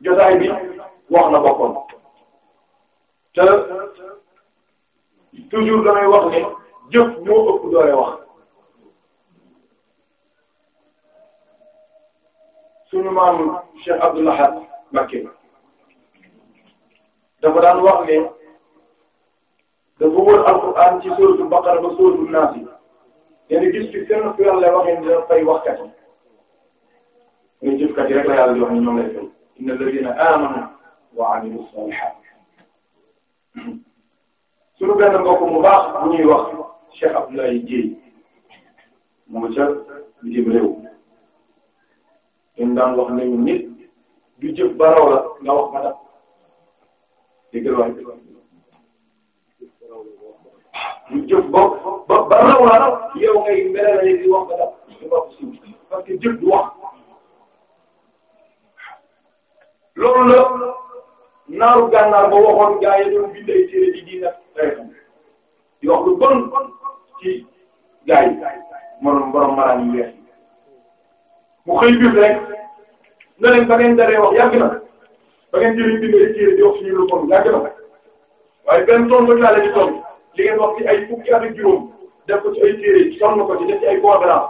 jotaay bi wax na boppam te toujours damay wax ne jëf moo ëpp doole wax suñu maam Cheikh Abdoul Ahad Mbacké dafa daan wax ne dafa wër alquran ci suratul Baqara ba suratul Naas yi yéen gis ci kenn ku yàlla lay waxee ne dina fay waxkat yi ñun jëfkat yi rek la yàlla di wax ne ñoom lay fay inna alladina amanu wa amilu salihat suñu benn mbokk mu baax bu ñuy wax Cheikh Abdoulaye Dieye mu ngi ca bitim réew dañ daan wax nañu nit du jëf baraw la nga wax ba dab déggal waay du jëf ba ba baraw la yow ngay mel ne di wax ba dab parce que jëf du wax loolu la naaru gànnaar ba waxoon gaa yi doon bind ay téere di diina di wax lu bon ci gaa yi moom borom maanaam yu weex mu xëy biir rek na leen ba ngeen daree wax yàgg na ba ngeen jëriñ bind ay téere di wax suñu lu bon yàgg na waaye benn tool ba laa leen di toll li ngeen wax ci ay fukki at ak juróom def ko ci ay téere sonn ko ci def ci ay conférence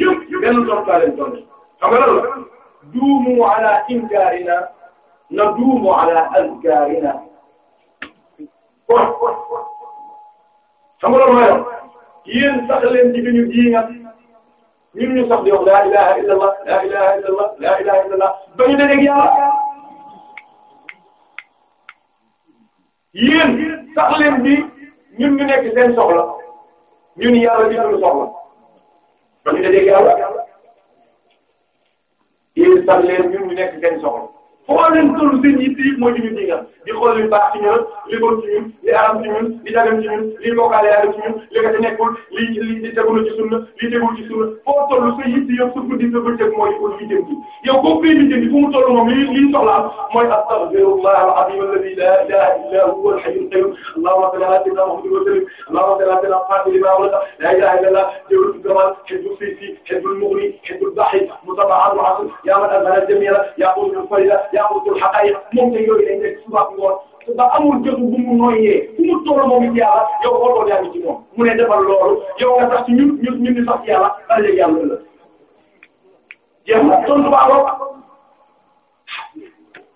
yëpp benn tool laa leen toll xam nga lan la. duumu ala inkaarina na duumu ala azkaarina kon xam nga loolu mooy yoon yéen sax leen ci bi ñu ji nga ñun ñu sax di wax laa ilaha illallah laa ilaha illallah laa ilaha illallah ba ñu dajeeg yàlla yéen sax leen bi ñun ñu nekk seen soxla ñun yàlla di suñu soxla ba ñu dajeeg yàlla. yéen sax leen ñun ñu nekk seen soxla foo leen toll seen yitt yi mooy li ñu di di xool li baax ci ñun li bon ci ñun li aram ci ñun li jagam ci ñun li bokkaale yaaram ci ñun li nga ci nekkul li li tegul ci sunna li tegul ci sunna foo toll sa yitt yow sa guddi sa bëccëg mooy ko li jëm ci yow koo koy li jëm ci fu mu toll moom li li soxla mooy astaghfirullah al-azim alladhi la ilaha illa huwa al-hayyul qayyum allahumma salli ala sayyidina muhammad wa sallim allahumma salli ala sayyidina muhammad lima walaqa la ilaha illa allah jawrul kamal hizbul sayfi hizbul mughni hizbul bahi mutaba'an wa asl ya man azhara al-jamila ya qul farida yaakutul xaqaayiq moom te yooyu dañ nekk suba bi woon ba amul jotu bu mu noyyee fu mu toll moom it yàlla yow xooloo yaa ngi ci moom mu ne defal loolu yow nga tax ñun ñun ñun ñu sax yàlla ba léegi yàlla la. jeex na tontu baagoo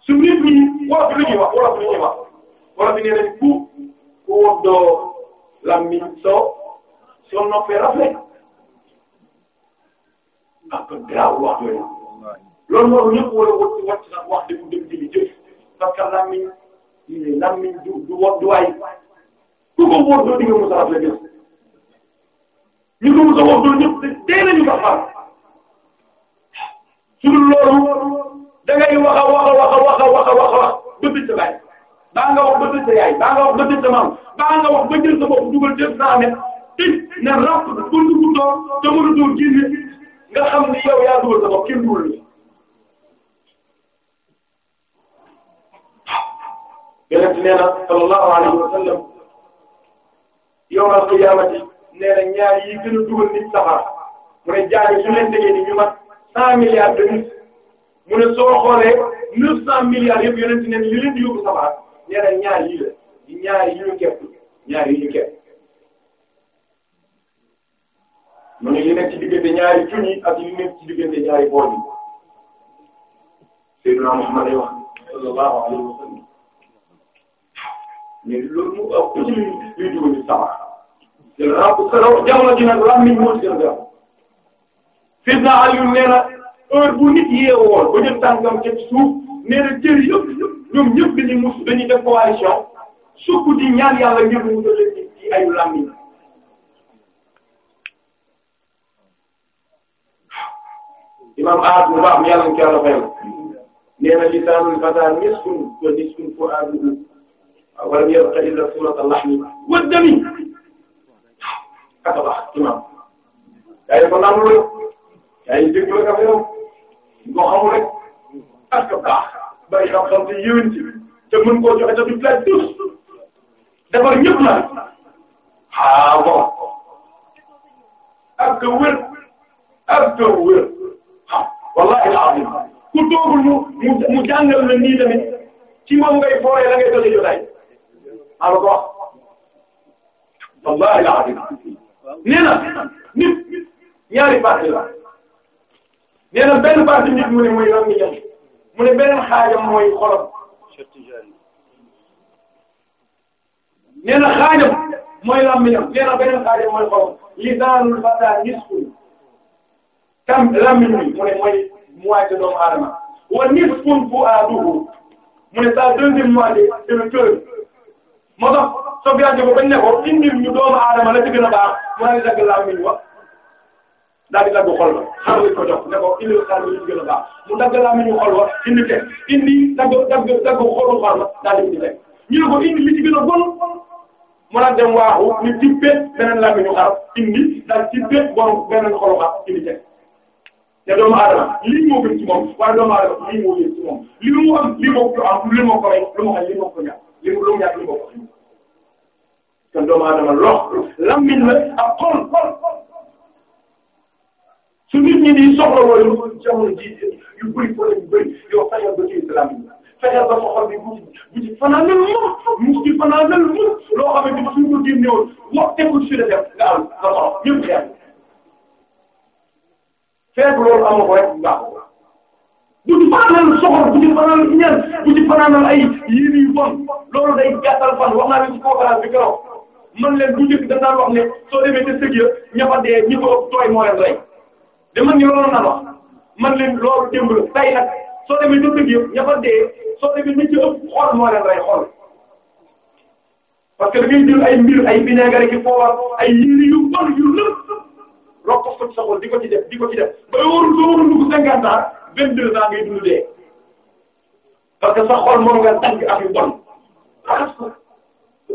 su nit ñi wolof lu ñuy wax wolof lu ñuy wax wolof bi nee nañ ku ku woddoo lammiñ soo soo noppee rafet ak garaaw wax yooyu. loolu moom ñëpp war a wut wàcc na wax di mu dem di li jëf parce que lammiñ lammiñ du du wo du waay ku ko wóor doo digg Moussa la jëf ñu ko Moussa wax doo ñëpp dee nañu ko xaar su dul loolu da ngay wax a wax a wax a wax a wax a wax ba tëj sa baay baa nga wax ba tëj sa yaay baa nga wax ba tëj sa maam baa nga wax ba jël sa bopp dugal def sa amee tëj na ràpp ba dugg toog te mënatoo génne nga xam ne yow yaa dugal sa bopp kenn dugal yonent nee na sallallahu alayhi wa sallam yawmal qiyaamati nee na ñaar yi gën a dugal nit safara mu ne jaani ni ñu mat cent milliards de nit mu ne soo xoolee neuf cent milliards yëpp yonent nee li di yóbbu safara nee na ñaar yi la di yi ñu kepp yi ñu kepp mu ne li nekk ci diggante ñaari junni ak li nekk ci diggante ñaari bool yi Seydina Muhammad mais loolu mu ëpp ci li ñuy dugal ci sama te rab jamono ji nag lan mi moo ci gën a gaaw Seydina Aliou nee na heure bu nit yeewoon ba ñu tàngam ci suuf nee na jëri yëpp ñoom ñëpp dañuy mus dañuy def coalition sukk di ñaan yàlla ngir mu dalee ci ci ayu làmmiñ imam aad bu baax yàlla ñu ko yàlla fayal nee na lisaanul fataa miskun wa miskun fu'aaduhu walam yabqa illa surata lahmi wa dami kata baax imaam yaa ngi ko nangu rek yaa ngi déglu rek affaire am nga xamul rek parce que baax bari xam-xam te yéwén ci te mën koo joxe te du place tous defar ñëpp la ah bon ak wér ak wér wallahi alazim ku toogul mu mu jàngal la nii tamit ci moom ngay fooree la ngay doon jotaay maa ko wax wallahi laa nee na nit ñaari parti la nee benn parti nit mu ne muy ram ñam mu ne beneen xaajam mooy xolam nee na mooy làmmiñam nee na beneen xaajam mooy xolam lisaanul fata nisfu tam làmmiñ wi mu ne mooy moitié doomu aadama wa nisfu fu'aaduhu mu ne sa deuxième moitié c'est le cœur moo tax Sofia Diop bañ ne ko indil ñu doomu aadama la ci gën a baax mu daal di dagg laaw mi ñu wax daal di dagg xol ba xam nga ko jox ne ko indil xaalis bi ñu gën a baax mu dagg laaw mi ñu xol ba indi teg indi dagg dagg dagg xolu xol ba daal di indi teg ñu ne ko indi li ci gën a bon mu daal dem waaxu ñu tibbee beneen laaw mi ñu xar indi daal tibbee borom beneen xolu xar indi teg. te doomu aadama lii moo gën ci moom waaye doomu aadama lii moo gën ci moom lii mu am lii moo ko am lii moo ko rey lu ma xam lii moo ko ñàkk li mu lu mu ñàkk ñu bokk kon doomu aadama lox lammin la ak xol su nit ñi di soxla loolu jamono ji yu bëri problème yu bëri yow fexeel ba ci islam yi fexeel ba soxal bi bu bu ci fanaanal moom mu ci fanaanal moom loo xam ne suñ ko génnewoon wax tekkul su def nga am nga soxla ñëpp xeex fekk loolu amoo ko rek baaxul bu ci fanaanal soxor bu ci fanaanal ñaan bu ci fanaanal ay yéene yu bon loolu day gàttal fan wax naa leen ci conférence bi keroog man leen bu njëkk dañ wax ne soo demee te sëg ya ña fa dee ñi ko tooy moo leen rey de man ñu loolu naan wax man leen loolu démb la tay nag soo demee te sëg ya ña fa dee soo demee nit ci ëpp xol moo leen rey xol parce que da ngay jël ay mbir ay vinaigre ki foofa ay yéri yu bon yu lëpp rokko ko sa xol di ko ci def di ko ci dee parce que sa xol moom nga tànk ak yu bon xas ko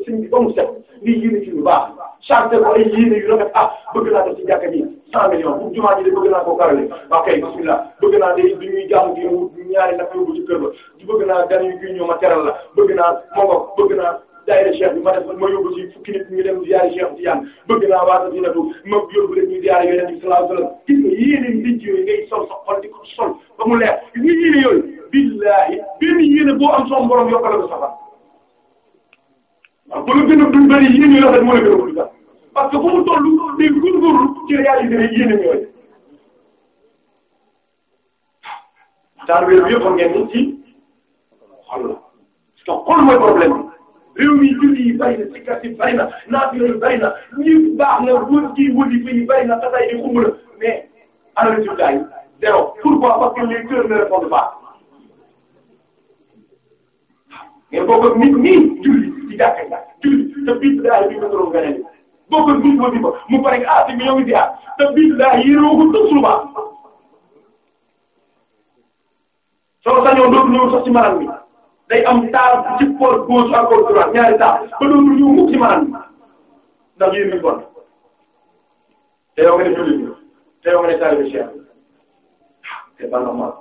suñ bi ba mu set di yéene ci lu baax chargé ko ay yéene yu rafet ah bëgg naa def ci jàkka ji cent millions bu jumaa ji de bëgg naa koo karale ok bismillah bëgg naa de du ñuy jaamu gi ñaari nag yóbbu ci kër ba bëgg naa gan yu ñëw ma teral la bëgg naa moo bëgg naa daayira cheikh bi ma def ma yóbbu ci fukki nit ñu dem ziyaare cheikh Tidiane bëgg naa waata di natu ma yóbbu leen ñu ziyaare yonent bi sallallahu alayhi wasallam gis nga yéene ndijj yooyu ngay sol sa xol di ko sol ba mu leer gis nga yéene yooyu billahi benn yéene boo am son borom yokkala ko safar waaw ba gën a duñ bëri yéen ñi rafet gën a gudd sax parce que fu mu toll day góorgóorlu ci réaliser ne yéen a ñëwee. daal réew yëpp xam ngeen ni ci xol la te xol mooy problème bi réew mi julli bari na na naafila yi bari na ñi baax na wër kii wëli fi bari na tasaay di xumb la mais ana résultat yi zéro pourquoi parce que les ne répondent pas mais bokk ci gàkk gàkk julli te biir daal bii nga doon gànnaay boo ko gis ko di ko mu pare ah si ñoom it ah te biir daal yéeroo ko tout souvent. soo sañoon dootu ñëw sax ci maanaam bi day am taar ci port gauche ak port droite ñaari taar ba dootu ñëw mukk ci maanaam bi ndax yéen ñu bon te yow nga ne julli bi te yow nga ne taalibe Cheikh c'est ah, pas normal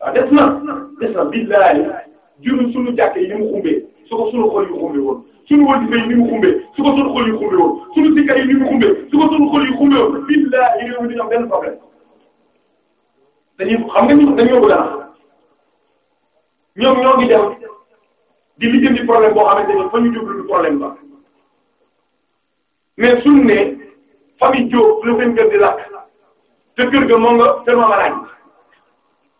waaw ah, des na des na billahi juru sunu jàkkee yi mu xumbee su ko sunu xol yu xumbe woon sunu wasifa yi ni mu xumbe su sunu xol yu xumbe woon sunu sikka yi ni mu xumbe su sunu xol yu xumbe woon billahi réew mi duñu am benn problème dañuy xam nga ñu dañu yóbbu dara ñoom ñoo ngi dem di lijjanti problème boo xamante ne fa ñu jublu problème ba mais suñu ne famille Diop la seen kër di lakk te kër ga moo nga tellement malade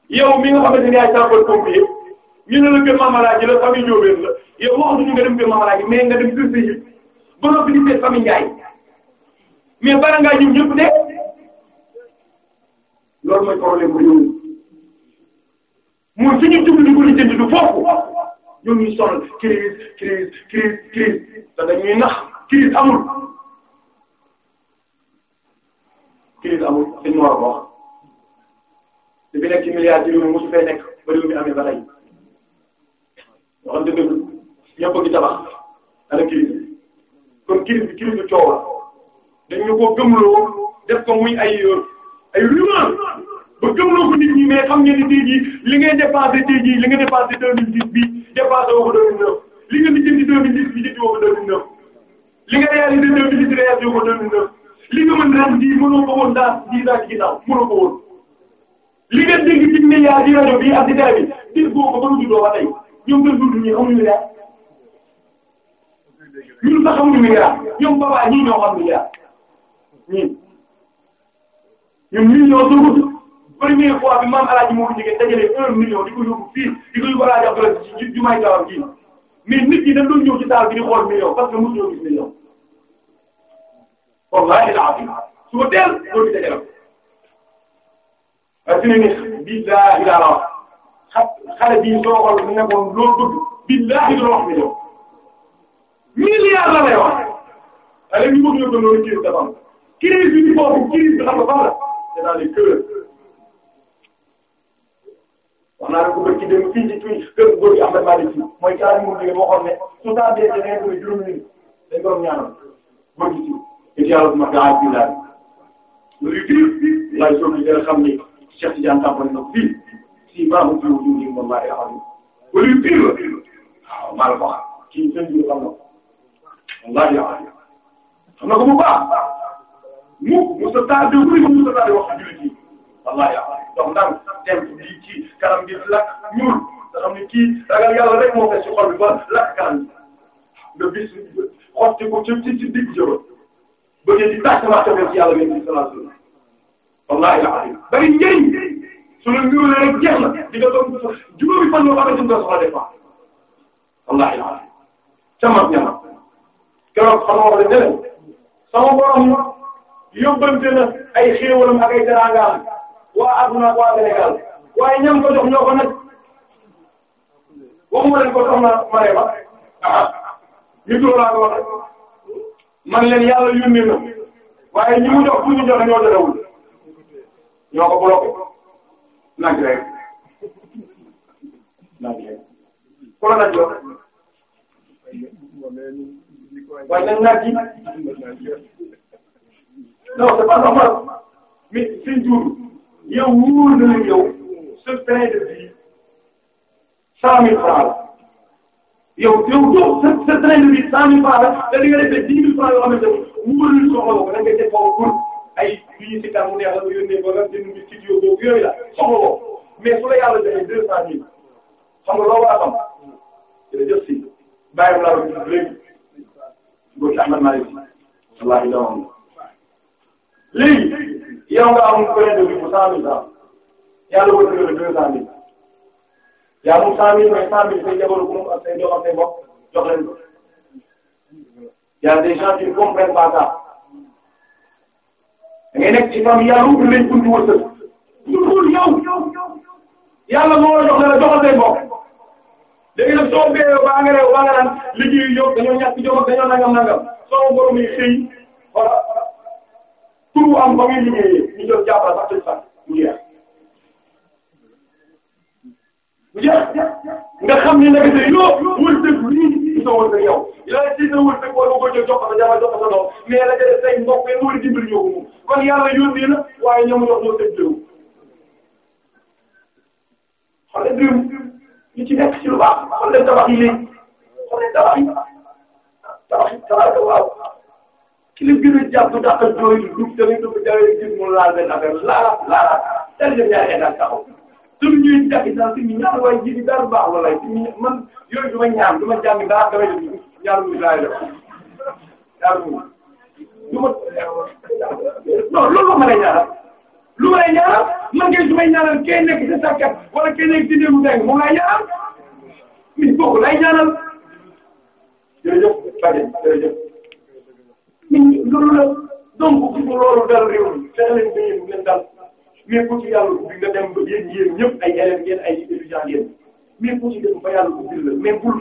yow mi nga xamante ne ay sapeurs pompiers ñu ne la kër ma malade la famille Diop la yow waxuñu nga dem kër Mamadou Agne mais nga dem kër Seye ba nga félicité famille Ndiaye mais bala ngaa ñëw ñëpp de loolu mooy problème bu ñëw mooy fi ñu jublu ko li jënd du foofu ñu sonal crise crise crise crise da dañuy nax crise amul crise amul dañ ma war a wax dafay nekk ci milliards ci réew mi nekk ba mi amee ba tey waxam dëgg yaa bëgg tabax ana kirim kon kirim bi kirim bi coow la dañ ñu koo gëmloo def ko muy ay ay rumeur ba gëmloo ko nit ñi mais xam ngeen ni tey jii li ngay dépassé tey jii li nga dépassé deux mille dix bi dépassé woo ko deux mille neuf li nga lijjanti deux mille dix bi lijjanti woo ko deux mille neuf li nga réalisé deux mille dix réalisé woo ko deux mille neuf li nga mën ren jii mënoo ko woon daal dix ans ci ginnaaw mënoo ko woon li nga dégg ci média di rajo bi ak di télé bi dégg boo ko ba lu juddoo ba tey ñoom seen dund ñi amuñu leer ñun sax xamuñu milliard ñoom baba ñii ñoo xam milliard ñii ñun million dugub première fois bi maam alaaji moo ko jege dajale un million di ko yóbbu fii di ko yóbbu alaaji abdoulaye ci jumaay gawar gi mais nit ñi dañ doon ñëw ci taal bi di xool million parce que mësuñoo gis million wallahi alazim su ko teel loolu di dajale waaye su ne ni billahi la wax xale bii soo xool nekkoon loo bëgg billahi doo wax million milliard la lay wax da ngay ñu bëgg a gënoon crise dafa am crise bi foofu crise bi xam nga fan la c'est dans les naa ko bëgg ci dem fii ci tuuti kër góor gi am na maa ngi fi mooy caa ñu mën waxoon ne su taa dee da ngay doon juróomi nit dañ ko doon ñaanal góor gi ci et yàlla bu ma gaa a xam ni Cheikh Tidiane tàmbali na fii si maa ngi fi wutu nii moom maa ngi xam loolu yëpp la waaw maa la ko wallaahi yàlla xam na ko bu baax mu Moussa Tade wuli ko Moussa Tade wax jullit yi wallaahi yàlla donc ndànk dem di ci kanam gi lakk ñuul nga xam ne kii ragal yàlla rek moo koy ci xol bi ba lakk kanam gi nga bis xotti ko ci ci ci digg jëloon bëggee di tàcc ma tafel ci yàlla ngeen di salaatu wallaahi yàlla bari njëriñ su la ñuulee rek jeex na di nga doon juróomi fan yoo xam ne dañ koy soxla des fois wallaahi yàlla ca mag ña keroog sama wax la ne sama borom yóbbante na ay xéewalam ak ay teraangaam waa adduna ak waa Sénégal waaye ñam ko jox ñoo ko nag waxuma leen ko soxna Marème ah ñu tur laa ko wax man leen yàlla yónni na waaye ñi mu jox pour ñu joxe ñoo jotewul ñoo ko bloqué nag rek nag rek ku la nag jox. waaye nag naaj yi non c'est pas normal mais seen jur yow wóor na yow ce train de vie cent mille francs yow yow yow ce ce train de vie cent mille francs la te li nga defee dix mille francs yoo xamante ne lu soxla ko da nga def foofu pour ay li ñu si tax mu neex la mu yónnee ba nga jënd studio boobu yooyu la soxla ko mais su la yàlla defee deux cent mille xam nga loo war a xam jërëjëf si bàyyi wu nguur gi Ahmed Malick wallaahi doomam léegi yow nga amul benn bi mu cent mille francs yàlla wërsëgal la deux cent mille yaa moom cent mille mais cent mille say jabaru ko moom ak say doom ak say mbokk jox leen ko y a des gens qui ne comprennent pas ça da ngay nekk ci famille yàlla ubbi leen buntu wërsëg. yow yow yow yàlla moo la jox la joxal say mbokk. léegi nag soo béyee ba engrais ba nga naan liggéey yi yóbbu dañoo ñàkk jom ak dañoo nangam nangam soo borom yi xëy voilà turu am ba muy liggéeyee ñu jël jàppal sax tëj sax mu jeex. mu jeex nga xam ni nag tey yow wërsëg lii sa wërsëg yow yow ci sa wërsëg war nga ko jël jox ko sa jabar jox ko sa doom mais la jëlee say mbokk yi nga war a dimbali ñoo ko moom kon yàlla yónnee na waaye ñoom ñoo ko tëj jëw xale ñu ci nekk ci lu baax xam leen tabax yi léegi xam leen tabax yi tabax yi tabax waaw ki la gën a jàpp ndax ak jooy dugub tamit dugub jaay gis mu laal benn affaire laala laala tel jëm ñaari état taxaw suñu ñuy jaxi daal suñu ñaar waaye ji bi daal baax la lay suñu man yooyu du ma ñaan du ma jàng daal damay def ñaar muy laay def ñaar muy du ma non loolu ma lay ñaanal lu may ñaanal man kay su may ñaanal kay nekk ci sàkkat wala kay nekk ci néegu deng moom laay ñaanal mi bokk laay ñaanal jërëjëf Fade jërëjëf mi loolu la donc ku loolu dal réew mi fexe leen ba yéen ngeen dal mais ku ci yàlla bi nga dem ba yéen yéen ñëpp ay élèves ngeen ay étudiants ngeen mais boo bul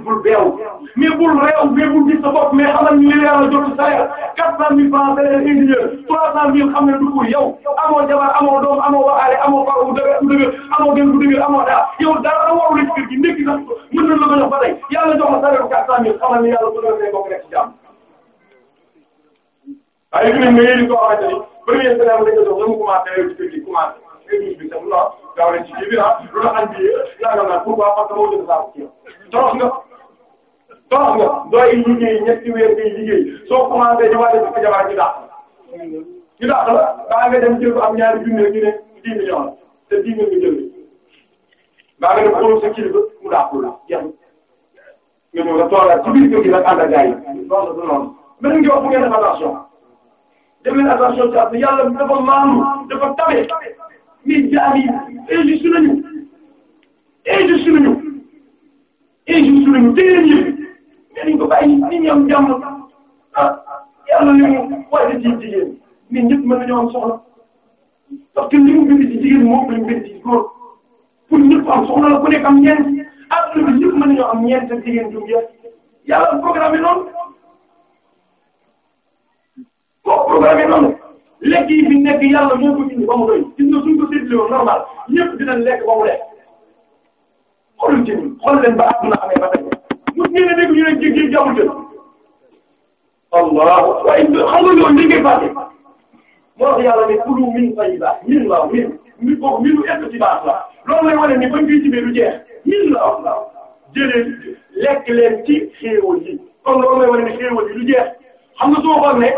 bul beew mais bul réew mais bul gis sa bopp mais xamal ni li yàlla jotu salaire quatre cent mille francs salaire ingénieur trois cent mille xam ne du pour yow amoo jabar amoo doom amoo waxaale amoo far u dëgër u dëgër amoo gën bu dëgër amoo daa yow dara waru la ci kër gi ndekki sax mën na la ko jox ba ne nga yéen ko waxante ni premier salaire la nga jox nga mu commencé ci kër gi émission bi tam la gaaw leen ci kii bi ah lu la añ bi nangam naan pourquoi parce que moo gën a saako ci yow. torox nga torox nga doy liggéey ñetti weer ngay liggéey soo commencé ñu war a def jabar ñu dàq ñu dàq la baa nga dem jël am ñaari junne ñu ne dix millions la te dix millions nga jël baa nga dem xoolal sa kilifa mu dàqul la jeex nga ñëw nga toog ci biir kër gi nag ànd ak gars yi loolu du noonu mais nag yow bu ngeen def attention def leen attention ci at yàlla dafa maanu dafa tabe min jaari injuste nañu injuste nañu injuste nañu déedéet yëpp dañu ko bàyyi nit ñi am jàmm ah yàlla li mu wàññi ci jigéen nit ñëpp mën nañoo am soxla parce que li mu bind ci jigéen moom la ñu bind ci góor pour ñëpp am soxla la ku nekk am ñeent ak lu ñëpp mën nañoo am ñeent ak jigéen jum yëpp yàlla programme yi noonu koo programme yi noonu nekk yàlla moo ko indi ba mu doy gis nga suñ ko séddalee normal ñëpp dinañ lekk ba mu lekk xoolal jiw xool leen ba àdduna amee ba tey mos ngeen a dégg ñu ne géej géej gi amul jël allah waaye xam nga loolu li ngay fàtte moo tax yàlla ne kulu min tayyibaat min la min mi ko minu istibaat la loolu lay wane ni bañ koy jibee du jeex min la wax la jëlee lekk leen ci xéewal yi kon loolu lay wane ni xéewal yi du jeex xam nga soo xool ne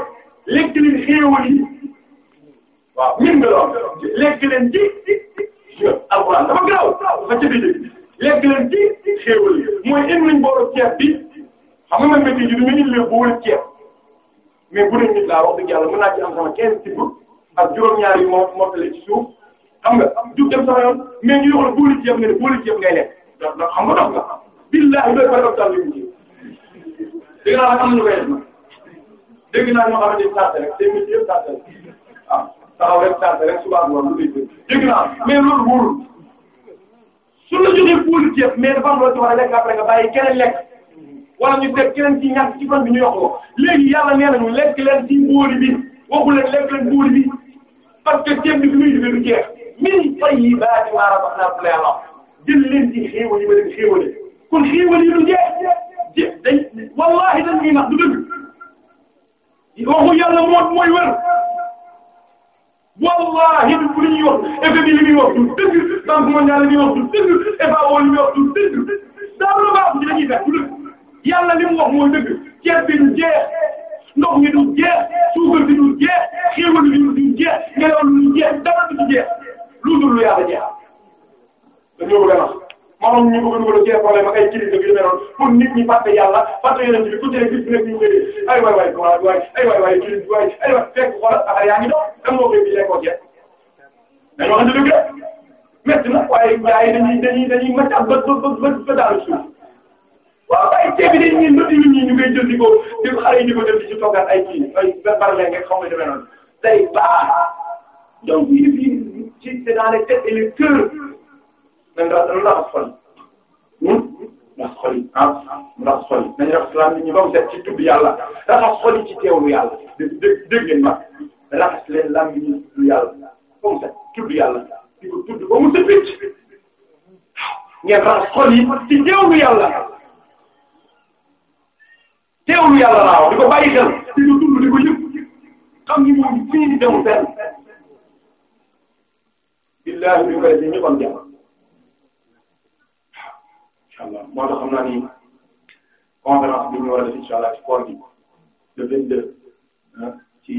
lekk leen xéewal yi waaw ñun de loolu lekk leen di alxuraan dafa gaaw dafa ci biir lekk leen di xéewal mooy indi nañ boolu ceeb bi xam nga man météo bi ñu indil leen boolu ceeb mais bu dee nit laa wax dëgg yàlla mën naa ci am sama 15 tibb ak juróom-ñaar yi moo mottale ci suuf xam nga jug dem sama yoon mais ñu yoxal boolu ceeb nga ne boolu ceeb ngay lekk ndax ndax xam nga dox nga billahi doy fa dox daal li mu ji dégg naa am na lu koy def nag dégg naa ñoo xamante ni saa rek 2000 yëpp saa rek ah. taxaw rek tardé rek suba ak loolu lu dul dégg naa mais loolu wóorul su la joxee puudar ceeb mais dafa am loo ci war a lekk après nga bàyyi keneen lekk wala ñu teg keneen ci ñàkk ci fan bi ñu yokk ko léegi yàlla nee nañu lekk leen ci mbooli bi waxu leen lekk leen mbooli bi parce que ceeb bi fi muy jugee du jeex min tayyibaati maa razaqnaakum yàlla jël leen ci xéewal yi ma leen xéewale kon xéewal yi du jeex day wallaahi dañ ñuy nax du dëgg waxu yàlla moo mooy wër. wallahi bu li ñuy wax FMI li muy wax du dëgg Banque mondiale li muy li muy wax du dëgg daaw la baax ci dañuy def du dëgg yàlla li mu wax mooy dëgg ceeb bi du jeex ndox mi du jeex suukar bi du jeex xéewal bi du lu du jeex dara du jeex lu dul lu yàlla jeex dañoo moom ñu bëgg a dugal problème ak ay kilifa bi demee pour nit ñi fàtte yàlla fàtte yeneen bi ku ci nekk gis nekk ñu koy dégg ay waay waay waay waay ay waay waay kilifa waay ay waay fekk xoolal affaire yaa ngi doon kan moo koy gisee koo jeex dañoo xam ne dëgg la métti na waaye waaye dañuy dañuy dañuy mëccaat ba ba ba ba daal suuf waaw waaye ceeb bi dañuy ñun ñun ñii ñu koy jël di ko di ko xale yi di ko def di ci toggaat ay kii ay bari leen xaw ma demee noonu day baax donc yëf yi ci c'est dans les têtes et les cœurs dañ ra dañ raxas xol yi hmm? raxas xol yi ah raxas xol yi nañ raxas lan nit ñi ba mu set ci tudd yàlla raxas xol yi ci teewlu yàlla dégg dégg ngeen ma raxas leen lan nit ñi tudd yàlla ba mu set tudd yàlla di ko tudd ba mu set wécc ngeen raxas xol yi ci teewlu yàlla teewlu yàlla laaw di ko bàyyi xel di ko tudd di ko yëg xam ni moom fii ni demul fenn billahi ñu koy ñu kon jàpp xam naa ni war a def incha allah ci koor gi le 22 ah, ci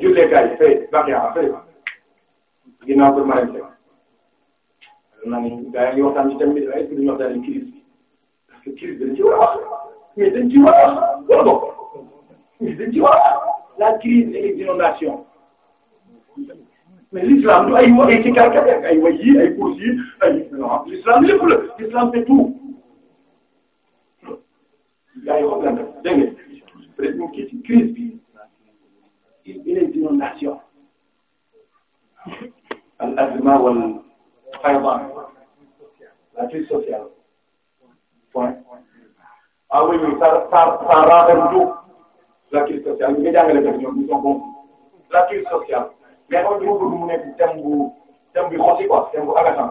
jullekaay fay Bakhia fay ginnaaw kër Marème Seck xam naa ni gars yi ngi waxtaan ay pour ñu waxtaan ci crise bi parce que crise ci war a wax mais ci war a wax wala boog mais dañ ci war a wax la crise et les ci kàr ay way yi ay courses yi ay non l'islam lépp la l'islam c'est tout. gars yi wax dëgg dégg nga président kii ci crise bi il est inondation al azma wal fayda la crise sociale point ah oui oui ça ça ça renferme tout la crise sociale ñu ngi jàngale def ñoom ñu sont bons la crise sociale mais xam nga du mu nekk thème bu thème bu xosi quoi thème bu agaçant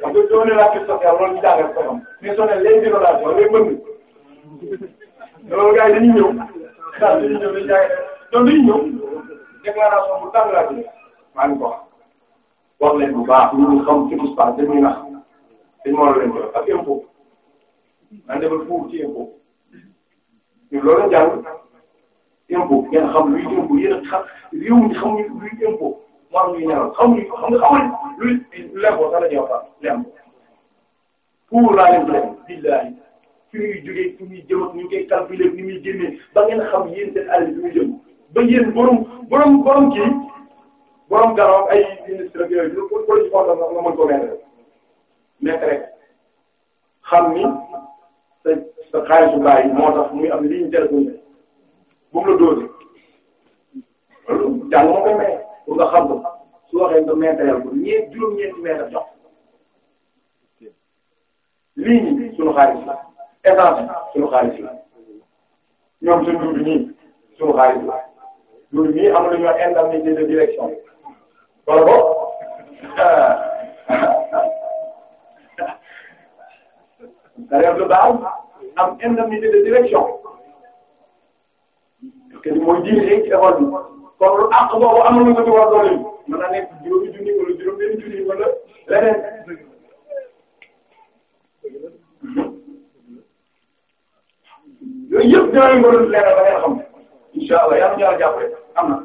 parce que doo ne la crise sociale loolu ñu jàngal ko xam mais soo ne les violations les mbënd loolu gars yi dañuy ñëw daal dañuy ñëw dañuy jaay donc dañuy ñëw déclaration bu tàng laa déglu maa ngi ko wax. wax leen bu baax ñu xam ci tout ça dañuy nax dañu war a leen jox ak impôt man demal fuur ci impôt ñun loolu la jàng impôt ngeen xam luy impôt yéen a xam réew mi xamuñu luy impôt. war ñuy ñaanal xamuñu xam nga xamuñu luy lemboo sax la ñuy waxtaan lembo pour laa leen leen billahi fi muy jógee fi muy jëm ak ñu ngi koy calculer ni muy génnee ba ngeen xam yéen seen àll bi muy jëm ba yéen borom borom borom kii borom garab ay ministre ak yooyu pour pour ñu xoolal sax nga mën ko mettre nekk rek xam ni sa sa xaalisu bàyyi moo tax muy am ligne téléphone bu mu la dosé loolu jàng moo koy maye pour nga xam ko su waxee nga maitre ko ñeent juróom-ñeenti maitre jox lii nii suñu xaalis la essence suñu xaalis la ñoom suñu dund ñii suñu xaalis la dund ñii am nañu wax indemnité de direction wala ko salaire de base am indemnité de direction parce que mooy jiite ci école bi. kon àq boobu am na lu ci war doole mën naa nekk juróomi junni wala juróom benn junni wala leneen. yooyu yëpp dinañ ko leeral ba ngeen xam incha allah yàlla ñaar jàppale am na.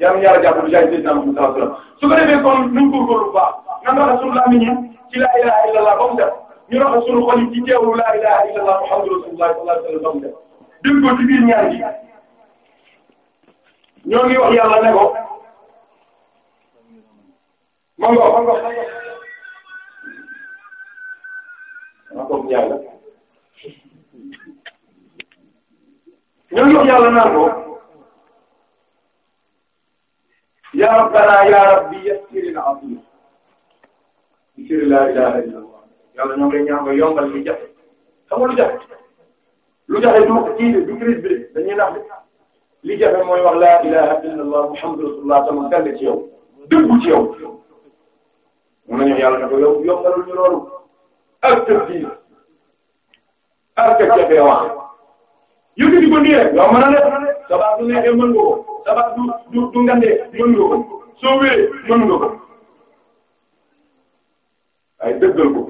yàlla ñaar jàppale jaay si islam mu saa su ko defee kon nuñ góorgóorlu bu baax nan la rasul laa nit ñi ci laa ilaha illallah ba mu def ñu raxas sunu xol yi ci teewlu laa ilaha illallah muhammadu rasulullah sallallahu alayhi wa sallam ba mu def dégg ko ci biir ñaar gi. ñoo ngi wax yàlla ne ko ma ngo ma ngo ma ko yàlla ñoo ngi wax yàlla naan ko ya rabbana ya rabbi yassir lana amrana yassir la ilaha illa allah yàlla ñoo ngi ñaan nga yombal li jafe xam nga lu jafe lu jafe du kii du crise bi dañuy nax li jafe mooy wax laa ilaha illallah muhammadu rasulullah sama gàll ci yow dëggu ci yow mun nañu yàlla ne ko yow yombalul ñu loolu ak tëb diir ak tëb jafe wax yëkkati ko nii rek yow mën na ne sabaat du neexee mën nga du du du ngandee mën nga ko soo wéree mën nga ko waaye dëggal ko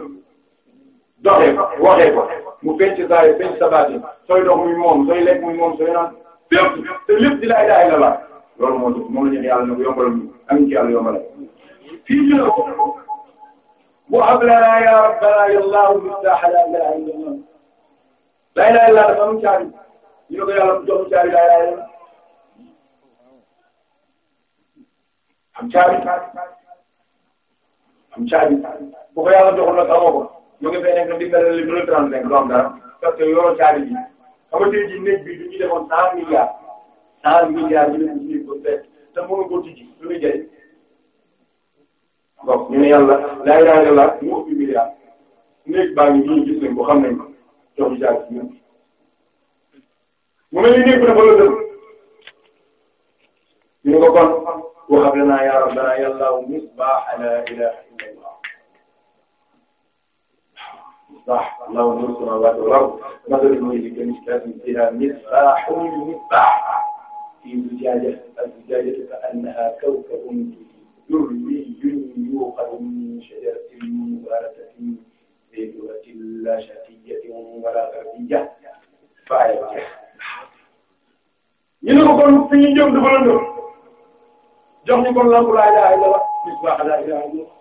doxee ko waxee ko mu feeñ ci saa yi feeñ sabaat yi sooy dox muy moom sooy lekk muy moom sooy lépp te lépp di la ilaha illallah loolu moo tax moom la ñu yàlla na ko yombalal ñu am ci yàlla yombalal fii ñu ne ko wa hab lana ya rabbana ya allah miftaha la ilaha illallah la ilaha illallah dafa am caabi ñu ne ko yàlla jox caabi la ilaha illallah am caabi am caabi bu ko yàlla joxul la sax woo ko ñu ngi fay nekk di mel ni lu 35 du am dara parce que yoroo caabi bi xam nga ji néeg bi du ñu defoon cent milliards cent milliards ñu ne ñu ko seet te mënu ko tijji lu muy jëriñ donc ñu ne yàlla laa ilaha illallah mu ëpp milliards néeg baa ngi nii gis nañ ko xam nañ ko jox ko jaar ci ñun. mu mel ni néeg bi dafa la dem ñu ne ko kon waxaat naa yàlla danaa yàlla misbaax la ilaha مصباح الله نور السماوات والأرض مثل نوره كمشكاة فيها مصباح مصباح في زجاجة الزجاجة كأنها كوكب دري يوقد من شجرة مباركة ذلة لا شرقية ولا غربية فأيوة ñu ne ko kon fi ñu jëm dafa la jox ñu kon lambu laa ilaaha illa Allah misbaax laa ilaaha illa Allah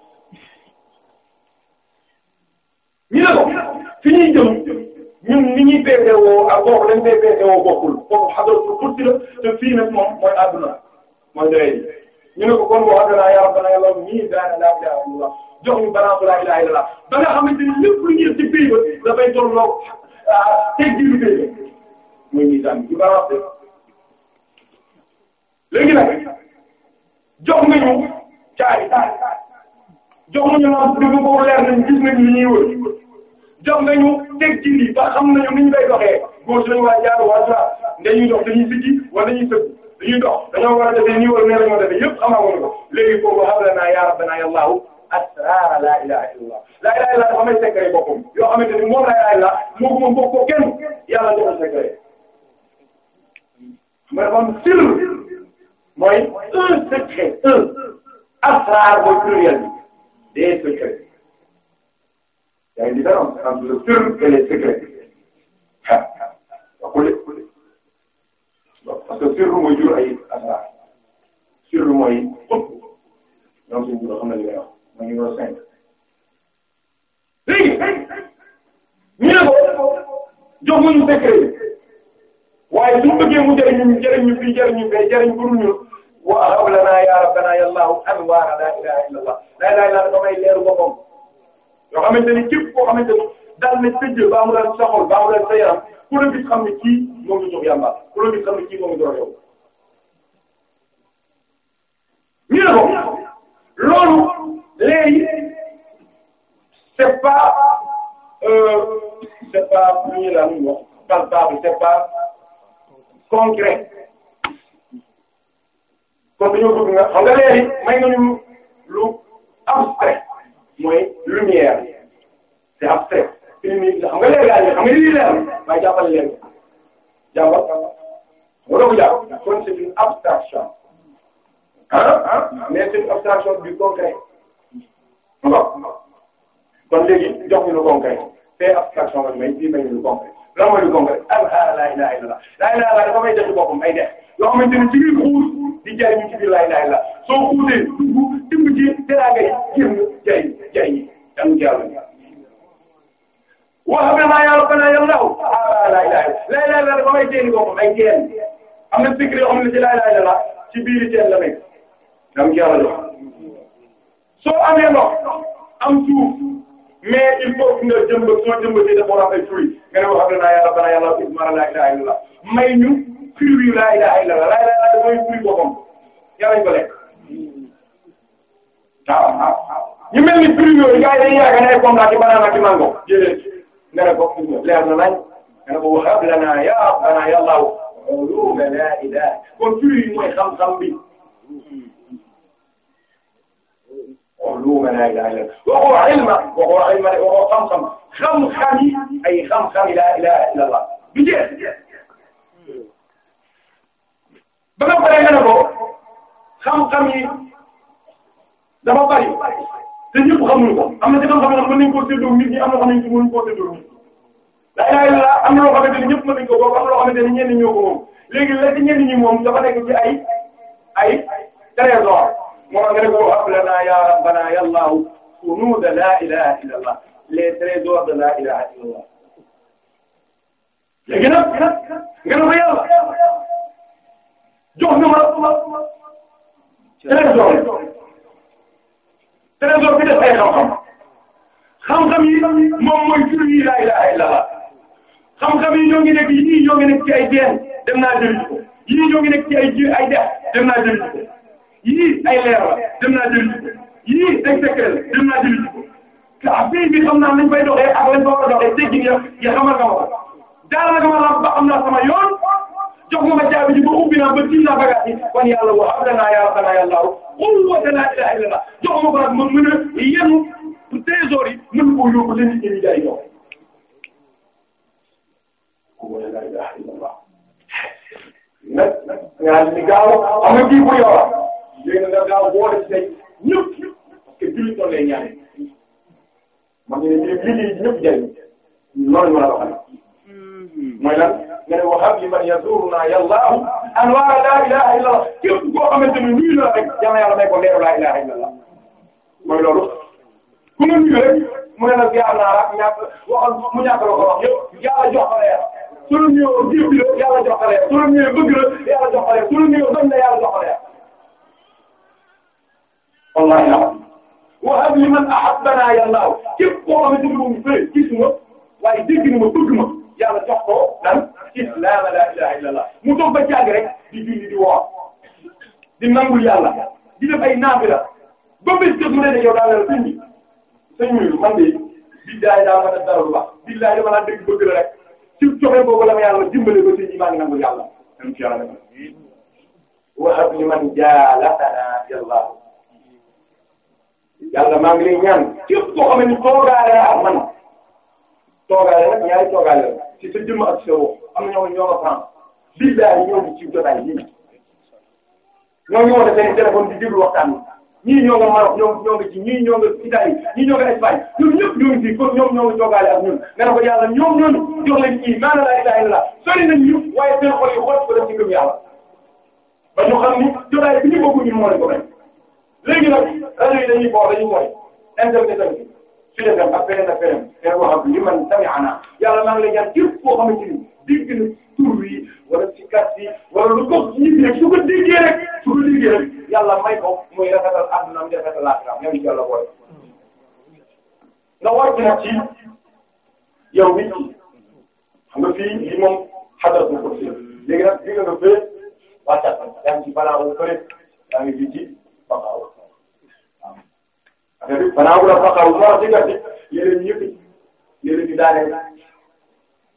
ñu ne ko fi ñuy jëm ñun ni ñuy peese woo ak bokk lañ koy peese woo bokkul foofu xadaratul kursi la te fii nag moom mooy àdduna mooy dayoo ñu ne ko kon boo xam ne yaa rabbana yaa rabbana nii daanaka laa fi daal la jox ñu balaa laa ilaaha illallaah ba nga xamante ni lépp lu ñuy ci pays ba dafay tolloo ah, teg jiitu pays ba muy ñuy daan ci balaa léegi nag jox nga ñu caay. jox nañu lamp bi bu ko leer nañ gis nañ li ñuy wër jox nañu teg ci lii ba xam nañu ni ñu lay doxee góor si lañu waa jaar waa saa dañuy dox dañuy siggi wala dañuy sëgg dañuy dox dañoo war a defee nii wala nee la ñu war a defee yëpp xamaagoon ko léegi foofu hablanaa yaa rabbanaa ya allahu asraara laa ilaha illallah laa ilaha illallah dafa may secret boppam yoo xamante ni moom laa ilaha illallah moo ko moom bokk ko kenn yàlla jox ko secret ma am sir mooy un secret un asraar mooy pluriel bi des secrets il y a une différence entre le sur et les secrets waaw xule parce que sur mooy jur ay asar sur mooy ëpp ñoom suñu jur xam na li may wax mooy numéro cinq léegi ñu ne ko jox ñu secret waaye suñu bëggee mu jëriñu jëriñu fii jëriñu fee jëriñ pour ñu waaw lana ya rabbana ya allahu anwaar la ilaha illa allah la ilaha illa allah damay leeru boppam yoo xamante ni képp koo xamante ni daal na tëjjël ba mu daan soxol ba mu daan sa yaram ku la gis xam ne kii moom la jox yàmba ku la gis xam ne kii moom la jox yow ñu ne ko loolu léegi c'est pas euh, c'est pas lu ñu la wax palpable c'est pas concret kon dañoo bëgg nga xam nga may nga ñu lu abstrait mooy lumière c'est abstrait ni xam nga léegi daal xam nga lii leer waaye jàppale leen jàppal wala ko jàpp kon c'est abstraction ah, ah, ah mais c'est une abstraction du concret kon léegi jox ñu lu concret c'est abstraction lañ may fii may ñu lu concret lan mooy lu concret alhamdulilah laa ilaaha illallah laa ilaaha illallah dafa may def boppam ay def yoo xamante ni ci biir xuus di jaay ñu ci biir laay laay la soo xuutee dugg dimb ci teraanga yi génn jaay jaay danu jàll. waaw xam naa yàlla ko naa yàlla ndaw ah laay laay laay laay la dafa may teeni boppam ay teen am na secret yoo xam ne ci laay laay la la ci biir teen la nekk danu jàll la soo amee ndox am suuf. mais il faut nga jëmbat soo jëmbatee dafa war a fay tuuti nga ne ma xam ne naa yàlla bana yàlla ismaala laa ilaaha illallaah may ñu firi bi laa ilaha illallah laa ilaha illallah mooy firi boppam yàlla ñu ko lekk waaw waaw ñu mel ni firi yooyu gars yi dañuy yaakaar ne ay pomme ci banana ci mango déedéet nga ne ko leer na nañ nga ne ko wahab lana ya rabbana ya allah uluma la ilaha kon firi yi mooy xam-xam bi uluma la ilaha illallah waxoo ilma waxoo ilma waxoo xam-xam xam-xam yi ay xam-xam la ilaha illallah du jeex ba nga paree nga ne ko xam-xam yi dafa bari te ñëpp xamuñu ko am na ci xam-xam yoo xam ne mën nañu koo séddoo nit ñi am na xam ne mënuñu koo séddoo nit ñi la ilaha illallah am na loo xamante ni ñëpp mën nañu ko bokk am na loo xamante ni ñenn ñoo ko moom léegi la ci ñenn ñi moom dafa nekk ci ay ay trésor moo nga ne ko hab lana ya rabbana ya allah kunuuda la ilaha illallah les trésors de la ilaha illallah léegi nag nga ne ko yàlla jox nga ma trésor trésor def ay xam-xam xam-xam yi moom mooy yi laa ilaaha illallaah xam-xam yi ñoo ngi nekk yii ñoo ngi nekk ci ay jéem dem naa jëriñu ko yii ñoo ngi nekk ci ay ji ay dex dem naa jëriñu ko yii ay leer naa jëriñu ko yii ay secret la dem naa jëriñu ko te affaire bi xam naa nañ koy doxee ak lañ ko ba am naa sama yoon. jox ma ma caabi ji ba ubbi naa ba tiim naa bagaas yi kon yàlla wa abdanaa yaa rabbanaa yaa Allaahu qul wa laa ilaaha illallaah jox ma ko nag man mën a yenu trésor yi mën koo yóbbu li nit ñi jaay ñoom. wa laa ilaaha illallaah. nag nag ni gaaw am na kii bu yor léegi nag gaaw boole say ñëpp parce que jullit doon lay ñaare man ñu ne ñëpp liggéey ñëpp jaay noonu la ma la waxee hmm. mooy lan. nga ne wahab li man yazuruna yallahu anwaar la ilaha illa allah képp koo xamante ni nuyu na rek yàlla yàlla may ko leeru la ilaha illa allah mooy loolu ku nga nuyu rek mu ne la ziar naa la ñàkk waxal mu ñàkk la ko wax yëpp yàlla jox ko leer su la nuyoo jiw bi la yàlla jox ko leer su la nuyoo bëgg la yàlla jox ko leer su la nuyoo bañ la yàlla jox ko leer wallahi la wahab li man ahabbana yallahu képp koo xamante ni moom gis nga waaye dégg na ma bëgg ma yàlla jox ko lan islam la ilaha illallah mu toog ba jàng rek di julli di woor di nangul yàlla di def ay naafila ba bés kër mu ne yow daa la sëñ bi sëñ bi man de biddaay daa mën a dara lu baax biddaay dama naan dégg bëgg la rek ci joxe boobu la ma yàlla dimbale ba sëñ bi maa ngi nangul yàlla. am ci yàlla waxab li man jaalatana yàlla yàlla maa ngi lay ñaan képp koo xam ne toogaale ak man. toogaale nag ñaari toogaale la ci sa jëmm ak sa ruux am na ñoo ñoo ko faram lii daal ñëw ñu ci jotaay lii ñoo ñoo def seen téléphone di déglu waxtaan bi ñii ñoo nga Maroc ñoo ñoo nga ci ñii ñoo nga Italie ñii ñoo nga Espagne ñun ñëpp ñoo ngi fi kon ñoom ñoo ngi toogaale ak ñun nga ne ko yàlla ñoom ñooñu jox leen kii maanaam laa ilaaha illallaah sori nañ ñu waaye seen xol yu xol ko def ci gëm yàlla ba ñu xam ni jotaay bi ñu bokk ñun moo leen ko may léegi nag rajo yi dañuy boole dañuy boole internet su dee ak beneen ak beneen day wax ak li man sami'ana yàlla maa ngi lay ñaan képp koo xamante ni dégg na tur wi wala ci kàtt yi ko nit rek su ko déggee rek su ko déggee rek yàlla may ko muy rafetal àdduna am rafetal laaxira même si yàlla booy. nga war ci nag ci yow nit ñi xam nga fii li moom xadar bu ko ci léegi nag dégg nga ba waa Cata yaa ci balaa wu bëri yaa ngi ci ci Fapal. affaire bi fanaa ko la fa xaw ma si gerte yéen ñëpp yéen a ngi daaneel.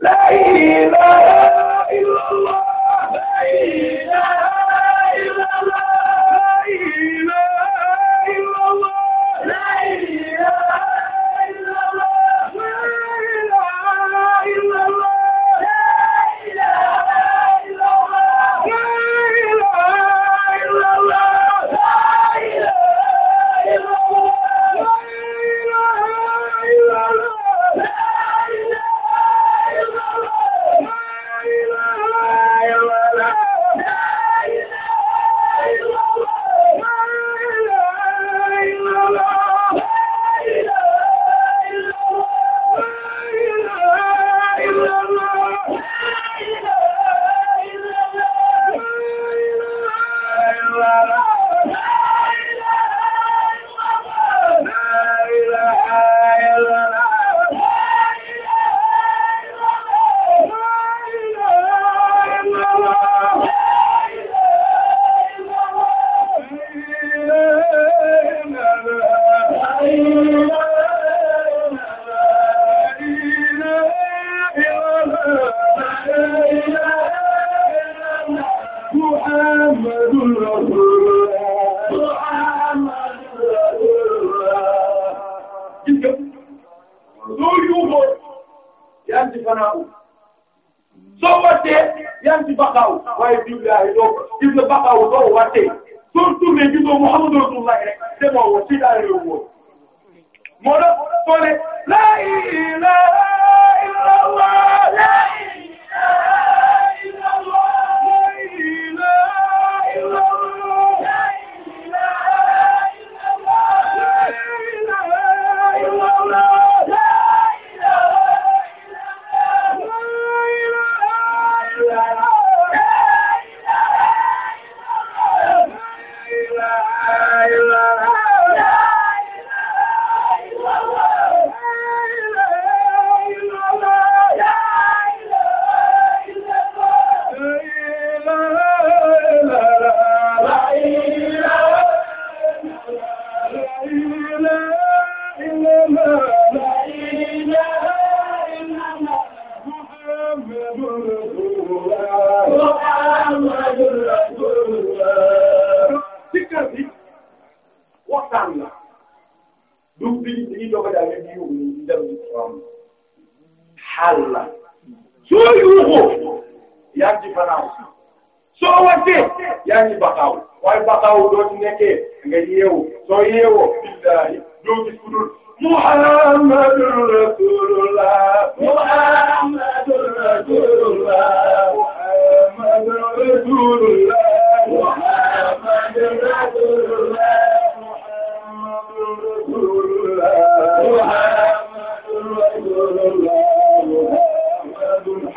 la ilaha illallah la ilaha.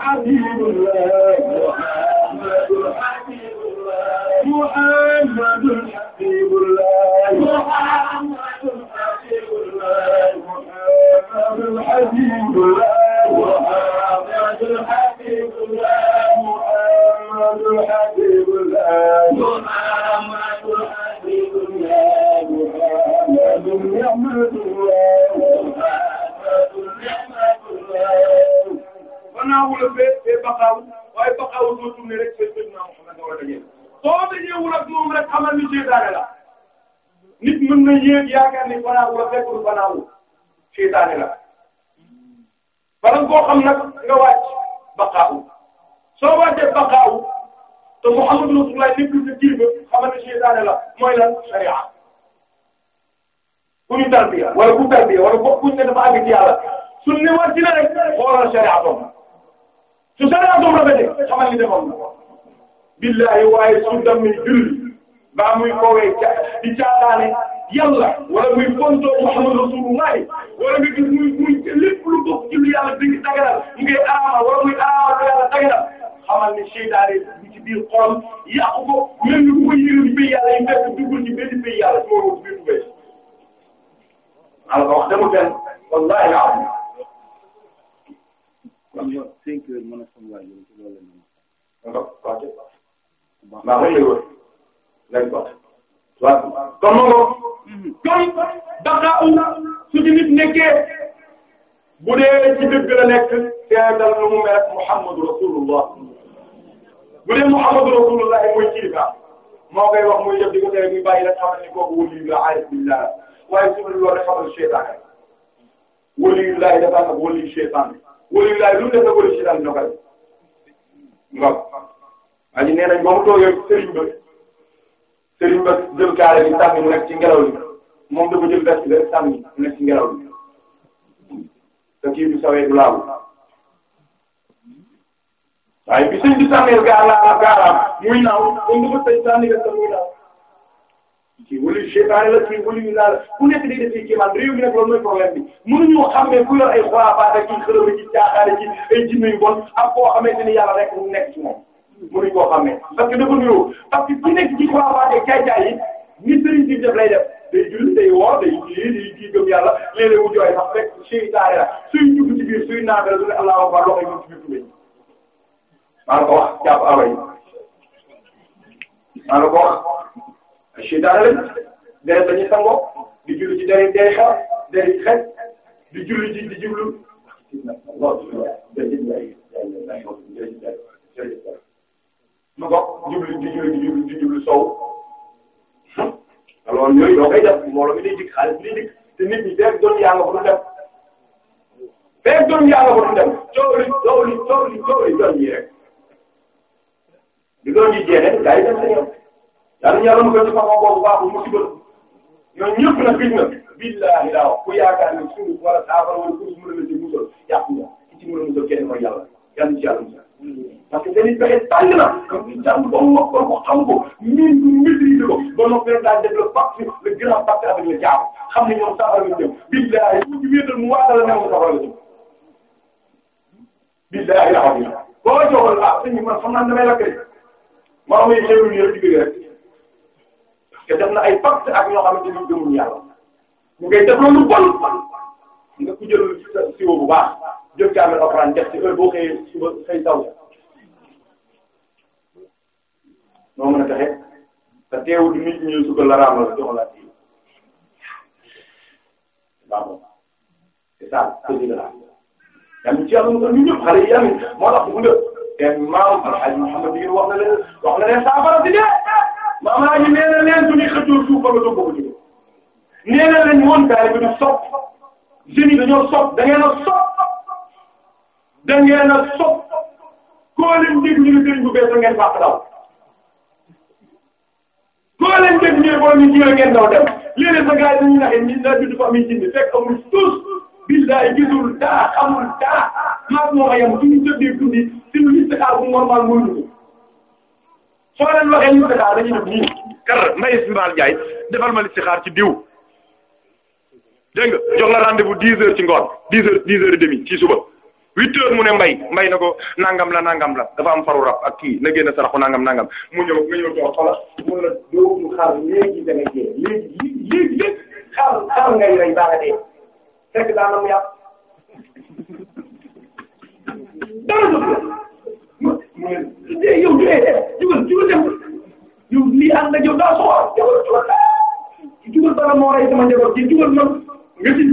حبيب الله waaye su demee julli baa muy koowee ca di caataane yàlla wala muy fontoo Muhammad Rasulullah wala muy muy muy lépp lu bokk ci lu yàlla dégg daganal mu ngi araama wala muy araama lu yàlla daganal xamal ni seytaane dugg ci biir xolam yàqu ko mel ni ku ko yëgee ci biir yàlla yi fekk duggul ci benn biir yàlla ci wàllu biir mbéy. alors wax dama benn wallaahi am. kon yow cinq heures mën a maa ngi koy nañ ko waaw kon ma ko. kon dafa aw su ci bu dee ci dëgg la nekk teedal nu mu mel Muhammadu Rasulullah bu dee Muhammadu Rasulullah mooy kilifa moo koy wax muy def di ko tere muy la xamal ni kooku wali la arif billah waaye su dul loolu rek xamal seytaane wali laay dafa am ak wali seytaane wali laay lu mu def ak wali seytaane waa ji nee nañ ba mu toogee sëriñ ba sëriñ ba jël kaale bi sànni mu nekk ci ngelaw li moom dafa jël veste bi rek sànni mu nekk ci ngelaw li te kii bi sawee du laabu waaye bi sëñ bi sànneel gaalaam gaalaam muy naaw moom dafa tëj sànni veste muy naaw kii wëlu seytaane la kii wëlu yu naa la ku nekk day def ci kéemaan réew mi nag loolu mooy problème bi mënuñu xam ne ku yor ay xuraafaat ak ci xërëb ci caaxaare ci ay jinne yu bon ak koo xamante ni yàlla rek mu nekk ci moom mënuñ koo xam ne parce que dafa nuyoo parce que ku nekk ci xuraafaate caay-caay yi ni sëriñ bi def lay def day julli day woor day lii day kii gëm yàlla léeg-léeg mu jooy sax fekk suy taare la suy dugg ci biir suy naafee su ne allahu akbar loxo yi ci biir tubéy maa la ko wax jàpp away maa la ko wax suy taare lañ deret dañuy sangoo di julli ci deret day xar deret xet di julli ci di jublu lu gox jublu di jublu di jublu di jublu sow alors yooyu doo koy def mbooloo mi day dikk xaalis bi day dikk te nit ñi benn doon yaa nga ko doon def benn doon yaa nga ko doon def coow li coow li coow li coow li doon yi rek li doon yi jeexee gars yi dem sa yoon daal ñaar mu gën ci façon boobu baaxul musiba ñoom ñëpp nag biñ na billahi laa wax ku yaakaar ne suñu wala saafara wala suñu mën a la ci musal yàqu nga ki ci mën a musal kenn mooy yàlla yàlla ci yàlla musal parce que dañuy fexe tàng na ñu jàng ba mu mokkal ko xam ko miin bu maîtriser ko ba noppi rek daal def le pacte le grand pacte avec le diable xam ne ñoom safara la jëm billahi mu wéetal mu waatal ne moom safara la jëm billahi la xam na boo joxoon ah sëñ bi man xam naa damay lakk rek maa ngi xewlu ñu rek digg rek parce que def na ay pacte ak ñoo xamante ni gëmuñu yàlla ñu ngay def loolu bon nga ku jël si bu baax. jël kaamil alxuraan def ci heure boo xëyee suba xëy taw noo mën a taxe te teewul nit ñi su ko la raamal jox la ci waaw c'est ça c'est ça. yàlla ci yàlla ñu ñëpp xale yi yàlla moo tax mu dëkk te maam Alxaaji Muhammad di wax na leen wax na leen saafara si dee maam Alxaaji nee na leen suñuy xëccoo suuf ba nga doon bëgg a jóg nee na leen woon taalibe du sopp jeunes yi dañoo sopp da ngeen a sopp da ngeen a sopp koo leen dégg ñu ne ngeen baax daw koo leen dégg ñu ne boo ngeen daw dem léeg-léeg sa gars yi dañuy naxe nit la judd ko am jinni fekk amul tous billaay gisul daa xamul daa maag moo yam suñu jëndee tuuti suñu listixaar bu normal mooy ñu ko soo leen waxee listixaar dañuy def nii kar Mbaye Simbal Ndiaye defal ma listixaar ci diw dégg nga jox la rendez-vous dix heures ci ngoon dix heures dix heures et demie ci suba. huit heures mu ne mbay mbay na ko nangam la nangam la dafa am faru rab ak kii na génn saraxu nangam nangam mu ñëw nga ñëw toog xala mun la doomu xaar léegi da nga jee léegi léegi léegi xaar xaar ngay rey baa nga dee fekk daa nam yàpp dara dëf la dee yow dee jugal jugal dem yow lii ànd ak yow daa soxor jugal jugal ah, jugal dara moo rey sama njaboot ji jugal man nga ci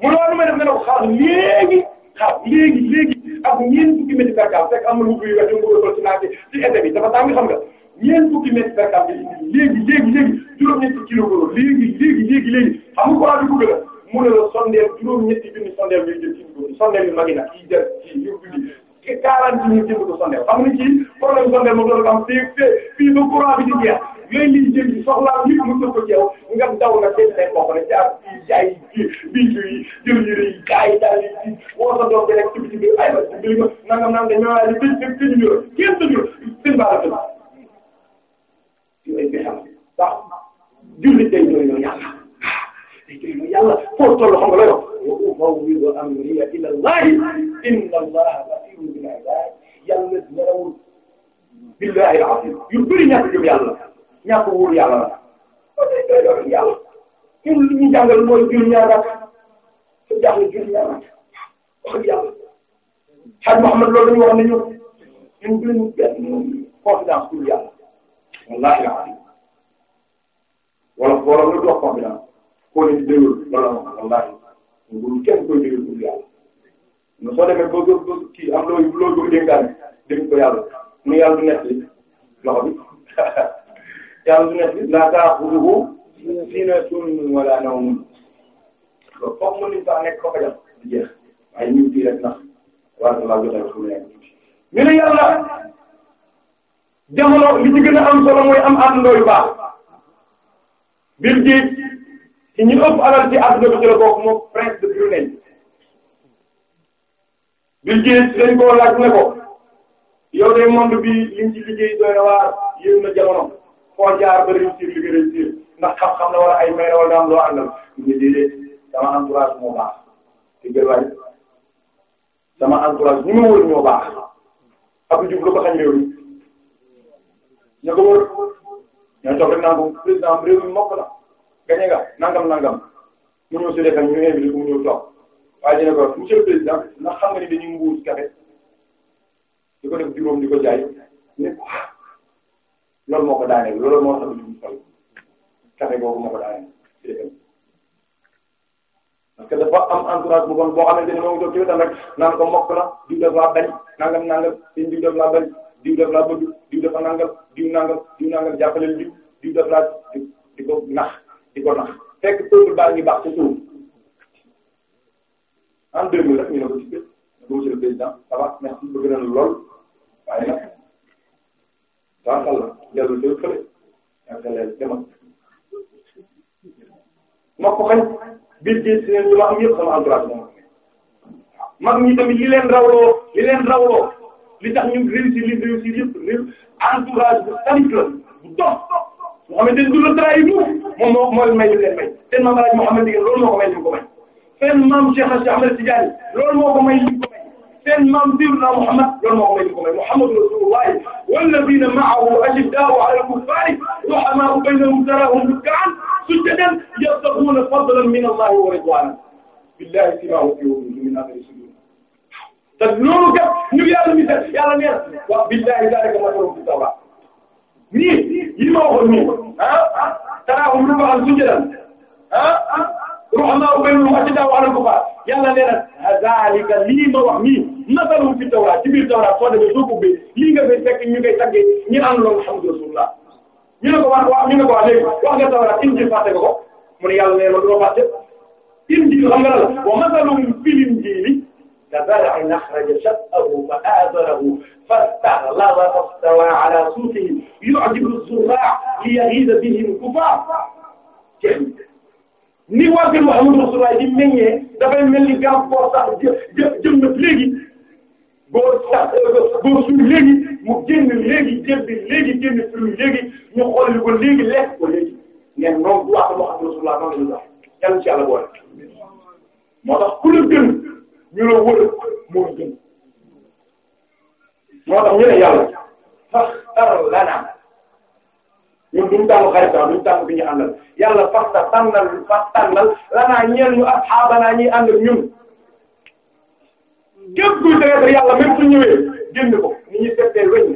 mu loolu may def nga ne ko xaar léegi xaar léegi léegi ak ñeent fukki mètre per cave fekk am na lu muy wax ko doon ci naaj ci été bi dafa tàng xam nga ñeent fukki mètre per cave léegi léegi léegi juróom-ñetti kilo ko léegi léegi léegi léegi xam nga courant bi bëgg la mu ne la sondeel juróom-ñetti junni sondeel yu jël ci dugub sondeel yu mag yi nag yi jël ci yu julli ci quarante mille jënd ko sondeel xam nga ci problème sondeel moom doon am fii fii ba courant bi di jeex ngay liy jëndi soxlaa nit mu ko jaww nga daw na dem say bopp rek jaar fii jaay fii bii fii jël ñu ne gaa yi daal di woo sa doom bi rek ci biir ay ba ci biir nangam naan dañu naan di tëj tëj ñu yor kenn tëj yor seen baara tëj. yooyu nga xam ndax jullit day doyoo yàlla day doyoo yàlla foo toll xam nga la yor. wa ufawwidu amriya ila llahi inna allaha basirun bil ibad yàlla nelawul billahi alazim yu bëri ñàkk jëm yàlla. ñàkk wóor yàlla la. kon dañ koy doon yàlla. ñun li ñu jàngal mooy jur ñaar ak su jàngal jur ñaar ak wax yàlla. Hadj Mouhamed loolu la ñu wax ne ñu ñun bu ñu benn confidence pour yàlla. wallaahi la wala wala lu dox confidence. koo leen di déglu wala wallaahi ñun kenn koy déglu pour yàlla. mais soo demee ba ba kii am loo loo bëgg dénkaane dégg ko yàlla mu yàlla du nekk loxo bi. yàlla du nekk laa ta'khudhuhu sinatun wala nawm foog mën nañu faa nekk ko jàpp di jeex waaye ñu ngi rek ndax waaw damaa jot a suñu nekk. ñu ne yàlla jamono li ci gën am solo mooy am àndandoo yu baax biir gi ci ñi ëpp alal ci àdduna bi ci la bokk moom prince de Brunei. bill gates dañ koo ne ko yow de monde bi liñ ci liggéey doy na waar yéen na jamono foo jaar ba réussir li nga réussir ndax xam-xam la wala ay may la wala am loo àndal ñu déedéet sama entourage moo baax te gërëm sama entourage ñi ma wër ñoo baax Abdou Diouf lu ko xañ réew mi ña ko wër ñoo toog rek naan président réew mi mokk na gañe nga nangam nangam mu ñëw si des ñu ngi invité mu ñëw toog waaye dina ko monsieur le président ndax xam nga ni dañuy mbuus café di ko def juróom di ko jaay ne loolu moo ko daaneel loolu moo tax ñu sol café boobu moo ko daaneel ci parce que dafa am entourage bu bon boo xamante ne moom itam ci wetam rek naan la diw def laa bañ nangam nangam seen diw def laa bañ diw def laa bëgg diw dafa nangam diw nangam diw nangam jàppaleel diw diw def laa di di ko nax di ko nax fekk peuple baa ngi baax ci suuf en deux mille rek ñu ne ko ci biir monsieur le président ça va merci bëgg na lool waaye nag. waaw xel na dellu dellu fële yàggaleel ma ko xëy biir biir si ma am yëpp sama entourage moom mag ñi tamit li leen rawloo li leen rawloo li tax ñu réussir li li entourage bu tamit la bu dox moo xamante ni du la trahir moom moo mooy may li leen may seen maam El Hadj Mouhamed moo ko may li mu ko may seen maam Cheikh Ahmed Tidiane loolu moo ko may li seen maam Seydina Muhammad loolu moo ko may di ko may Muhammadu rasulullah walladina ma'ahu ashiddaa'u ala al-kuffaari ruhamaa'u baynahum taraahum ruk'an sujjadan yabtaghuna fadlan min allahi wa ridwanan billahi simaahum fi wujuuhihim min athari sujuud te loolu kat ñu yàlla mi def yàlla neex wa billahi daalika mathalu fi tawraat nii yi ma waxoon nii ah taraahum ruk'an sujjadan ah ruhamaa baynal mu'addida wal kufaar yàlla nee na zaalika lii ma wax nii nasalu fi tawraat ci biir tawraat soo demee soo ko ubbee lii nga fay fekk ñu koy tàggee ñu àndul woon alhamdulillah ñu ne ko wax waaw ñu ne ko wax léegi wax nga tawraat injil fàtte nga ko mu ne yàlla nee na doo fàtte injil xam nga la wa masalun fil injili kazar'in akhraja shatahu fa atharahu fastaghlaza fastawaa ala suuqihi yu'jibu az-zurraa'a liyaghiiza bihi al-kuffaar ni waa kër Muhammadu Rasulullah di meññee dafay mel ni garab boo sax jë jë jëm na léegi boo sax boo suul léegi mu génn léegi génn léegi génn suul léegi ñu xool ko léegi lekk ko léegi mais noonu bu baax Muhammadu Rasulullah noonu la yàlla ci yàlla boole moo tax ku la gën ñu la wër moo gën moo tax ñu ne yàlla sax dara la ñun duñu tànn xaritam duñu tànn bi ñu àndal yàlla fas na tànnal fas tànnal lanaa ñeel ñu asxaabanaa ñuy ànd ak ñun. képp kuy traiter yàlla même su ñëwee génn ko ni ñuy seppee weñ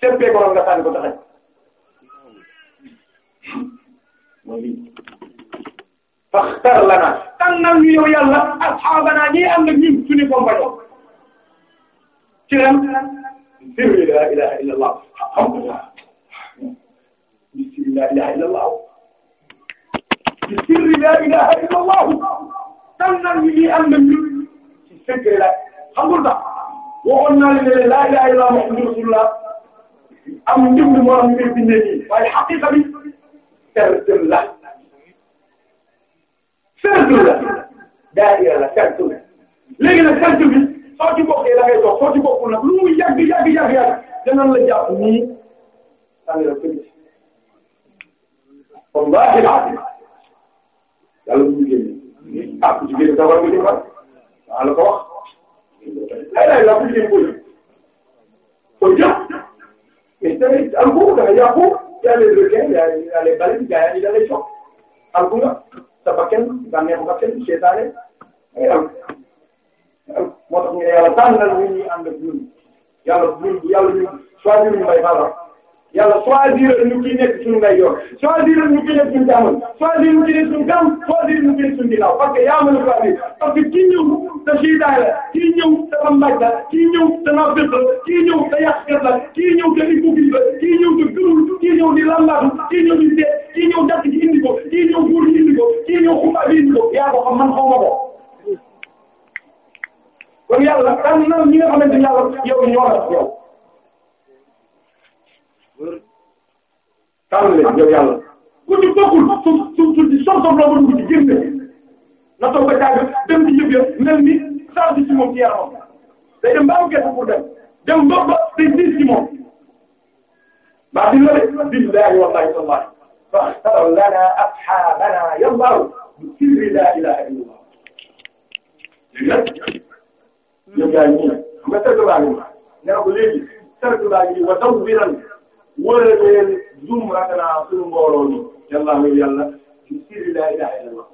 seppee ko woon nga tànn ko taxañ mooy lii. faxtar lanaa tànnal ñu yow yàlla asxaabanaa ñuy ànd ak ñun suñu compagnon ci la ilaha illallah bisiri laa ilaha illa allahu bisiri laa ilaha illa allahu tan nan ñi ñuy ànd ak ñun ci secret la xam nga lu tax waxoon naa leen ne laa ilaha illa muhammadu rasulullah am njënd moo am mbir bi nii waaye xaqiqa bi serdër la serdër la daayira la serdër la léegi nag serdër bi soo ci bokkee da ngay toog soo ci bokkul nag lu muy yàgg yàgg yàgg yàgg danañ la jàpp nii da ngay wallahi laajib yàlla bu ñu génne ah bu ñu génne d' abord nga jëm waat maa la ko wax. aylaay la bu ñu génne ko yëg ko jëm mais tamit alko da nga yàqu yaa les requins yaa yaa les baleines gaa yaa ni da lay soog alko nga sa bakkan nga neex nga kenn seetaane ay alko moo tax ñu ne yàlla tànnal ñu ñuy ànd ak yàlla choisir ñu ki nekk suñu ndeyjoor choisir ñu ki nekk suñu càmmoñ choisir ñu ki nekk suñu kanam choisir ñu ki nekk suñu ginnaaw parce que yaa mën a choisir parce que kii ñëw te siidaay la kii ñëw te rambaaj la kii ñëw te naafeq la kii ñëw te yàqkat la kii ñëw te hypocrite la kii ñëw te gërul kii ñëw di lambaatu kii ñëw di seet kii ñëw dàq ci indi ko kii ñëw buur ci indi ko kii ñëw xuma bi indi ko yaa ko xam man xaw ma ko kon yàlla daan na ñi nga xamante ni yàlla yow ñoo la yow tànn leen yow yàlla ku ci bokkul su su su ci som som la mën ko ci génne na toog ba caag dem ci yëf yëf mel ni changé ci moom ci yaramam day dem ba am gerte pour dem dem ba ba day diis ci moom baax dina la de billahi wallahi tallahi faxtar lana ashabana yallahu bi sirri la ilaha illallah léegi nag yaa ngi xam nga serg baa ngi ne ko léegi serg baa ngi wa taw bi lan wërëleen njuum ratanaa suñu mbooloo mi yàlla na yàlla di siri laa ilaha illallah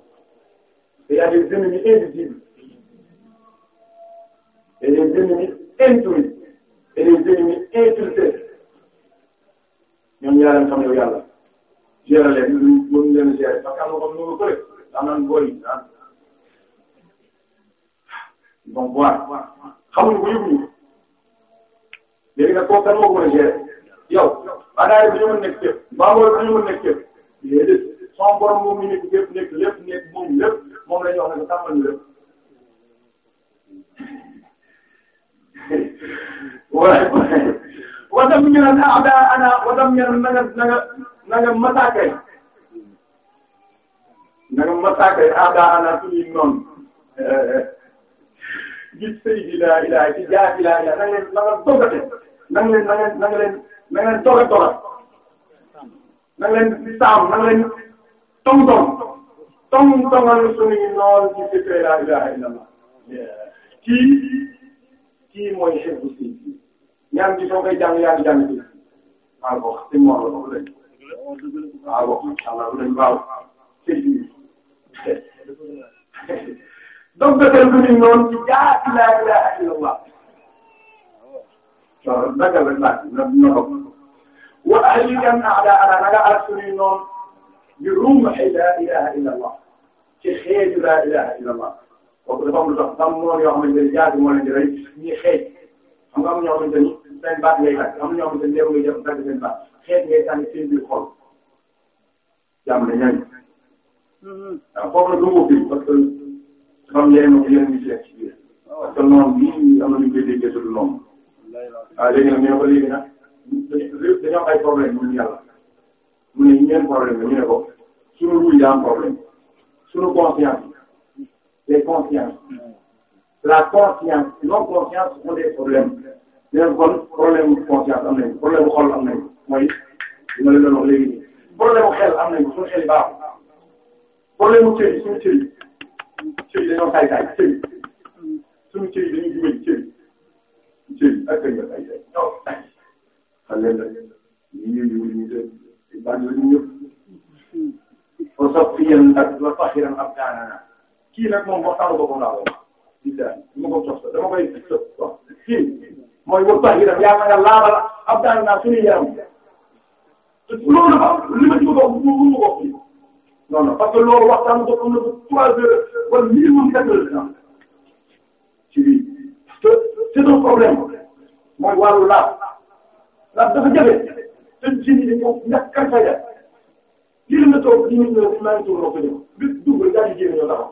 te y a des ennemis invisibles et des ennemis introduits et des ennemis infiltrés ñoom yaa leen xam yow yàlla gérer leen lu mën leen gérer parce que am na comme nu ko daa naan bool yi ah bon voilà xamuñu ko yëguñu léegi nag kooku kan moo ko mën a gérer yow. bagaay bi ñu mën nekk képp mbaaboor bi ñu mën nekk képp déedéet son borom moom mi nekk képp nekk lépp nekk moom lépp moom la ñu wax ne tàmbali lépp. waaye wasa mu ñu naan ah daa ana wasa mu ñu naan na nga na nga na nga masaakay na nga masaakay ah daa ana suñuy noonu gis sëy bi laa ilaa ci jaar bi laa ilaa na nga leen na nga bëgg a def na nga leen na nga leen. na nga leen toog a toogal na nga leen saam na nga leen tong tong tong tongal suñuy noon ci secret la ilaha illallah kii kii mooy chef bu si ñaan ci soo koy jàng yaa ngi jàng ci waaw boo xam si moom la boobu lañ waaw boo xam si allah bu lañ waaw c'est fini donc da nga leen noonu ci yaa ilaha illallah waaw naka la naka la ko. waaye li dem naa daa ala naka ala suñuy noonu di ruum ay laa ilaha illa allah ci xeeju laa ilaha illa allah kooku dafa am lu tax am noonu yoo xamante ne jaadu moo leen di rey ñuy xeej xam nga am ñoo xamante ni seen baat ngay tàgg am ñoo xamante ni yow ngay def dagg seen baat xeej ngay tànn seen biir xol jàmm na ñooñu. waaw foofu la dugg fi parce que dafa am yeneen yeneen yu ci nekk ci biir parce que noonu bii am na lu ñu koy déggee noonu. waaw ah, léegi nag ñu ne ko léegi nag dañoo am ay problème mu ne ñeen la ñu ne ko suñu ruuj daa am problème suñu conscience les consciences la conscience non conscience sont des problèmes dinañ kon problème conscience am nañu problème bu xol am nañu mooy li ma leen doon wax léegi problème bu xel am nañu suñu xel yi baaxul problème mu cër yi suñu cër yi cër yi dañoo tay tay cër yi suñu cër yi dañuy jublu cër yi Joli ak ay ay ay taw ay xale la ñu ñëw ñu ñu def di bànn ñu ñëpp. ba soog fi yéen ndax ba sax yéen am daanaka kii nag moom waxtaanu boppam laa wax. bisimilah dama ko jox dama koy jox wax kii mooy ba sax yéen yaa ngi laabal ab daanaka suñuy yaram. loolu dafa li ma ci bëgg a wax mu mu ko non non parce que loolu waxtaanu boppam la ba trois heures wala minimum quatre heures c'est un problème mooy wàllu laab laab dafa jafe seen ji bi dañoo ñàkk a fayda jëlee na toog ñu ne maa ngi tuur ndox bi dugg daal di jéem ñoo taxaw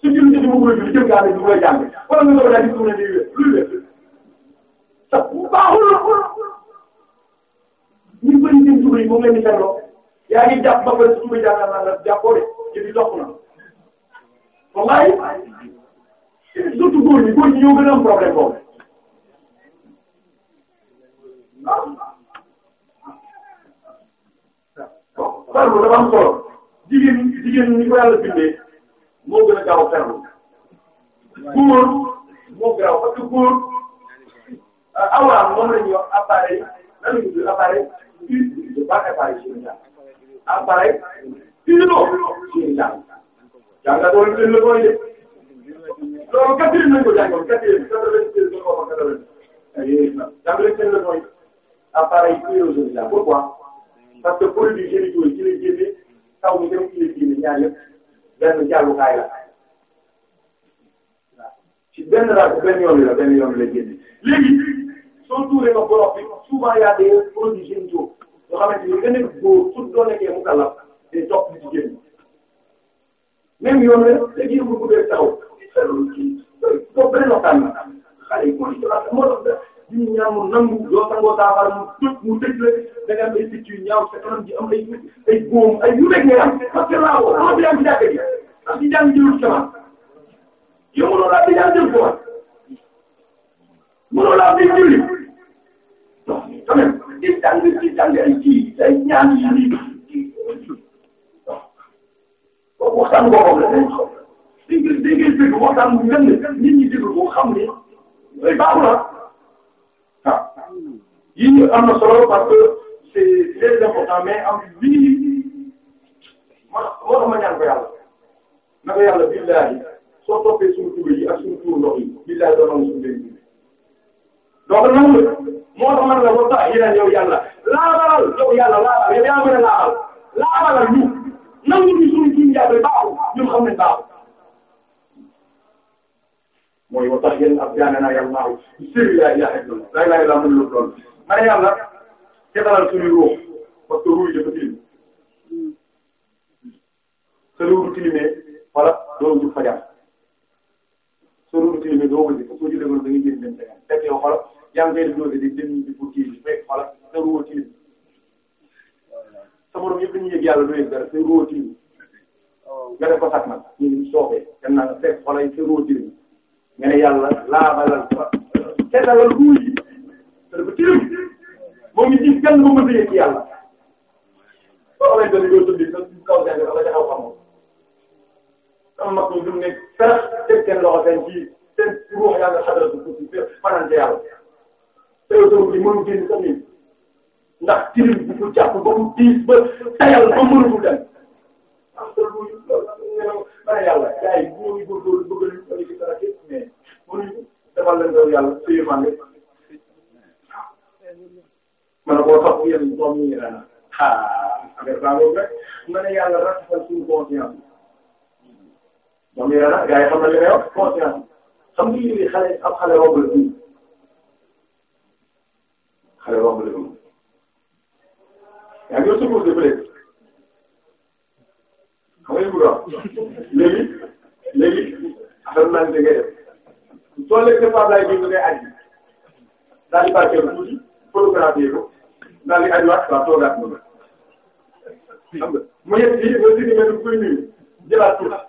su ñu jëlee mu bëri jëm gaa ne du koy jàng wala nga doon daal di tuur ne luy wér luy wér sax bu baaxul ñu bëri seen tuur yi moom la ñu seetloo yaa ngi jàpp ba pare su ma jàngal naa la jàppoo de jëndi dox na wallaay surtout góor ñi góor ñi ñoo gën a am problème boobu. ferlu dafa am solo jigéen jigéen ñi ko yàlla bindee moo gën a gaaw a ferlu góor moo gaaw parce que góor euh, awraam moom la ñuy wax appareil lan la ñuy tuddee appareil je pas appareil chirurgical appareil chirurgical jàngatoo yi leen la koy def loolu quatrième nañ ko jàngoon quatrième quatre-vingt-seize ba ko wax quatre-vingt jàngale leen la koy appareil érosion la pourquoi parce que produit génitaux ci la génne taw bi dem ci la génne ñaar yëpp benn jàllukaay la ci benn raadu benn yoon la benn yoon la génne léegi soo tuuree ko borom bi souvent y a des produits génitaux yoo xamante ni nga nekk góor su doon nekkee mu kàllaaf day topp ci jigéen même yoon la léegi yëngu bu dee taw ci sa bopp benn waxtaan la. xale yi mooy jëlaat moo doon def jiw ñaamu nangu doo sangoo saafara mu tëj mu tëj la da nga am ay picc yu ñaaw sa kanam ji am ay ay góom ay yu nekk ngay am parce que laawoo xam nga jàng jàkka ji ak di jàng jëlul semence yow mënoo laa di jàng jël semence mënoo laa di julli donc tamit di jàng di jàng ay kii ay ñaan yi lii donc waxtaan boobu la day xool. dégg nga dégg nga dégg waxtaan bu njënd nit ñi déglu ko xam ne. day baaxul ah yii am na solo parce que c'est très important mais am lii ma moo tax ma ñaan ko yàlla na ko yàlla billaahi soo toppee suñu tuba yi ak suñu tuur ndox yi billaahi doo nangu suñu dégg donc nangu moo tax man la ba tax yeneen yow yàlla laabalal yow yàlla laabal yow yaa mën a laabal laabalal ñu nangu ñu suñu tuur njàpp baaxul ñun xam ne baaxul mooy wa tax yéen ab jaane naa yàlla naaw sëriñ laa jaaxle noonu laay laay laa mën loolu ma ne yàlla seetalal suñu ruux parce que ruuj dafa tilim sa ruuj tilimee wala doo jub fajar sa ruuj tilimee doo ko jëf soo jëlee woon da ngay jënd dem sa yàlla fekk yow xoolal yaa ngi koy dundal di dem di pour kii fekk xoolal sa ruuj tilim sa borom yëpp dañuy yëg yàlla du yëg dara sa ruuj tilim oh. nga def ko sax nag ñu soobee dem naa fekk xoolal sa ruuj tilim nga ne yàlla laabalal fa te dalal ruuj yi te dafa tilim moom it gis gan nga mën a yëg yàlla soo xamante ne doo tudd sax kaw jaay dafa la ca xaw a xamoo sama mag moom fi mu nekk fexe teg seen loxo seen ci seen ruux yaa nga xadara su tuuti fanaan ca yàlla te yow tamit li mënu génn sax nii ndax tilim bu ko jàpp ba mu diis ba tayal ba mënul dem am na ruuj loolu dara yàlla gars yi bu ñu góorgóorlu bëgg nañu bëri ci dara ma ne koo topp yéen moom ñu ne ah ma ne yàlla rafetal suñu conscience moom ñu ne ah, yi li may wax conscience xam nga lii xale ab xale romb la fii xam nga bëgg a léegi léegi affaire naan da ngay def soo lekk Fapal laay déglu ngay aji daal di barkeel tuuti photographier ko daal di ajiwaat waaw toogaat nga ba. xam nga mu yegg fii nga dindi mel ni kuy nuyu jëlaat tuuti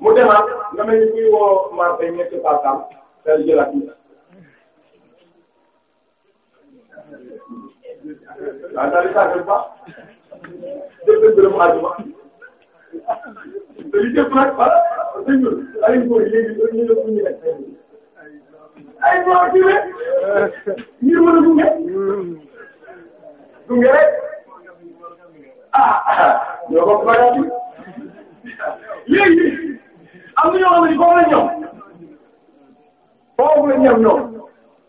mu demaat nga mel ni kuy woo Marseille nekk Patam daal di jëlaat tuuti. waaw daal di saa kër bu baax dégg nga gërëm àdduma. li jëf nag ah dégg nga ay góor léegi ñu ne ñu ne ay góor ci rek ngir mën a gunge gunge rek ah ñoo bokk bagaati léegi am na ñoo xam ne foofu la ñëw foofu la ñëw ñoom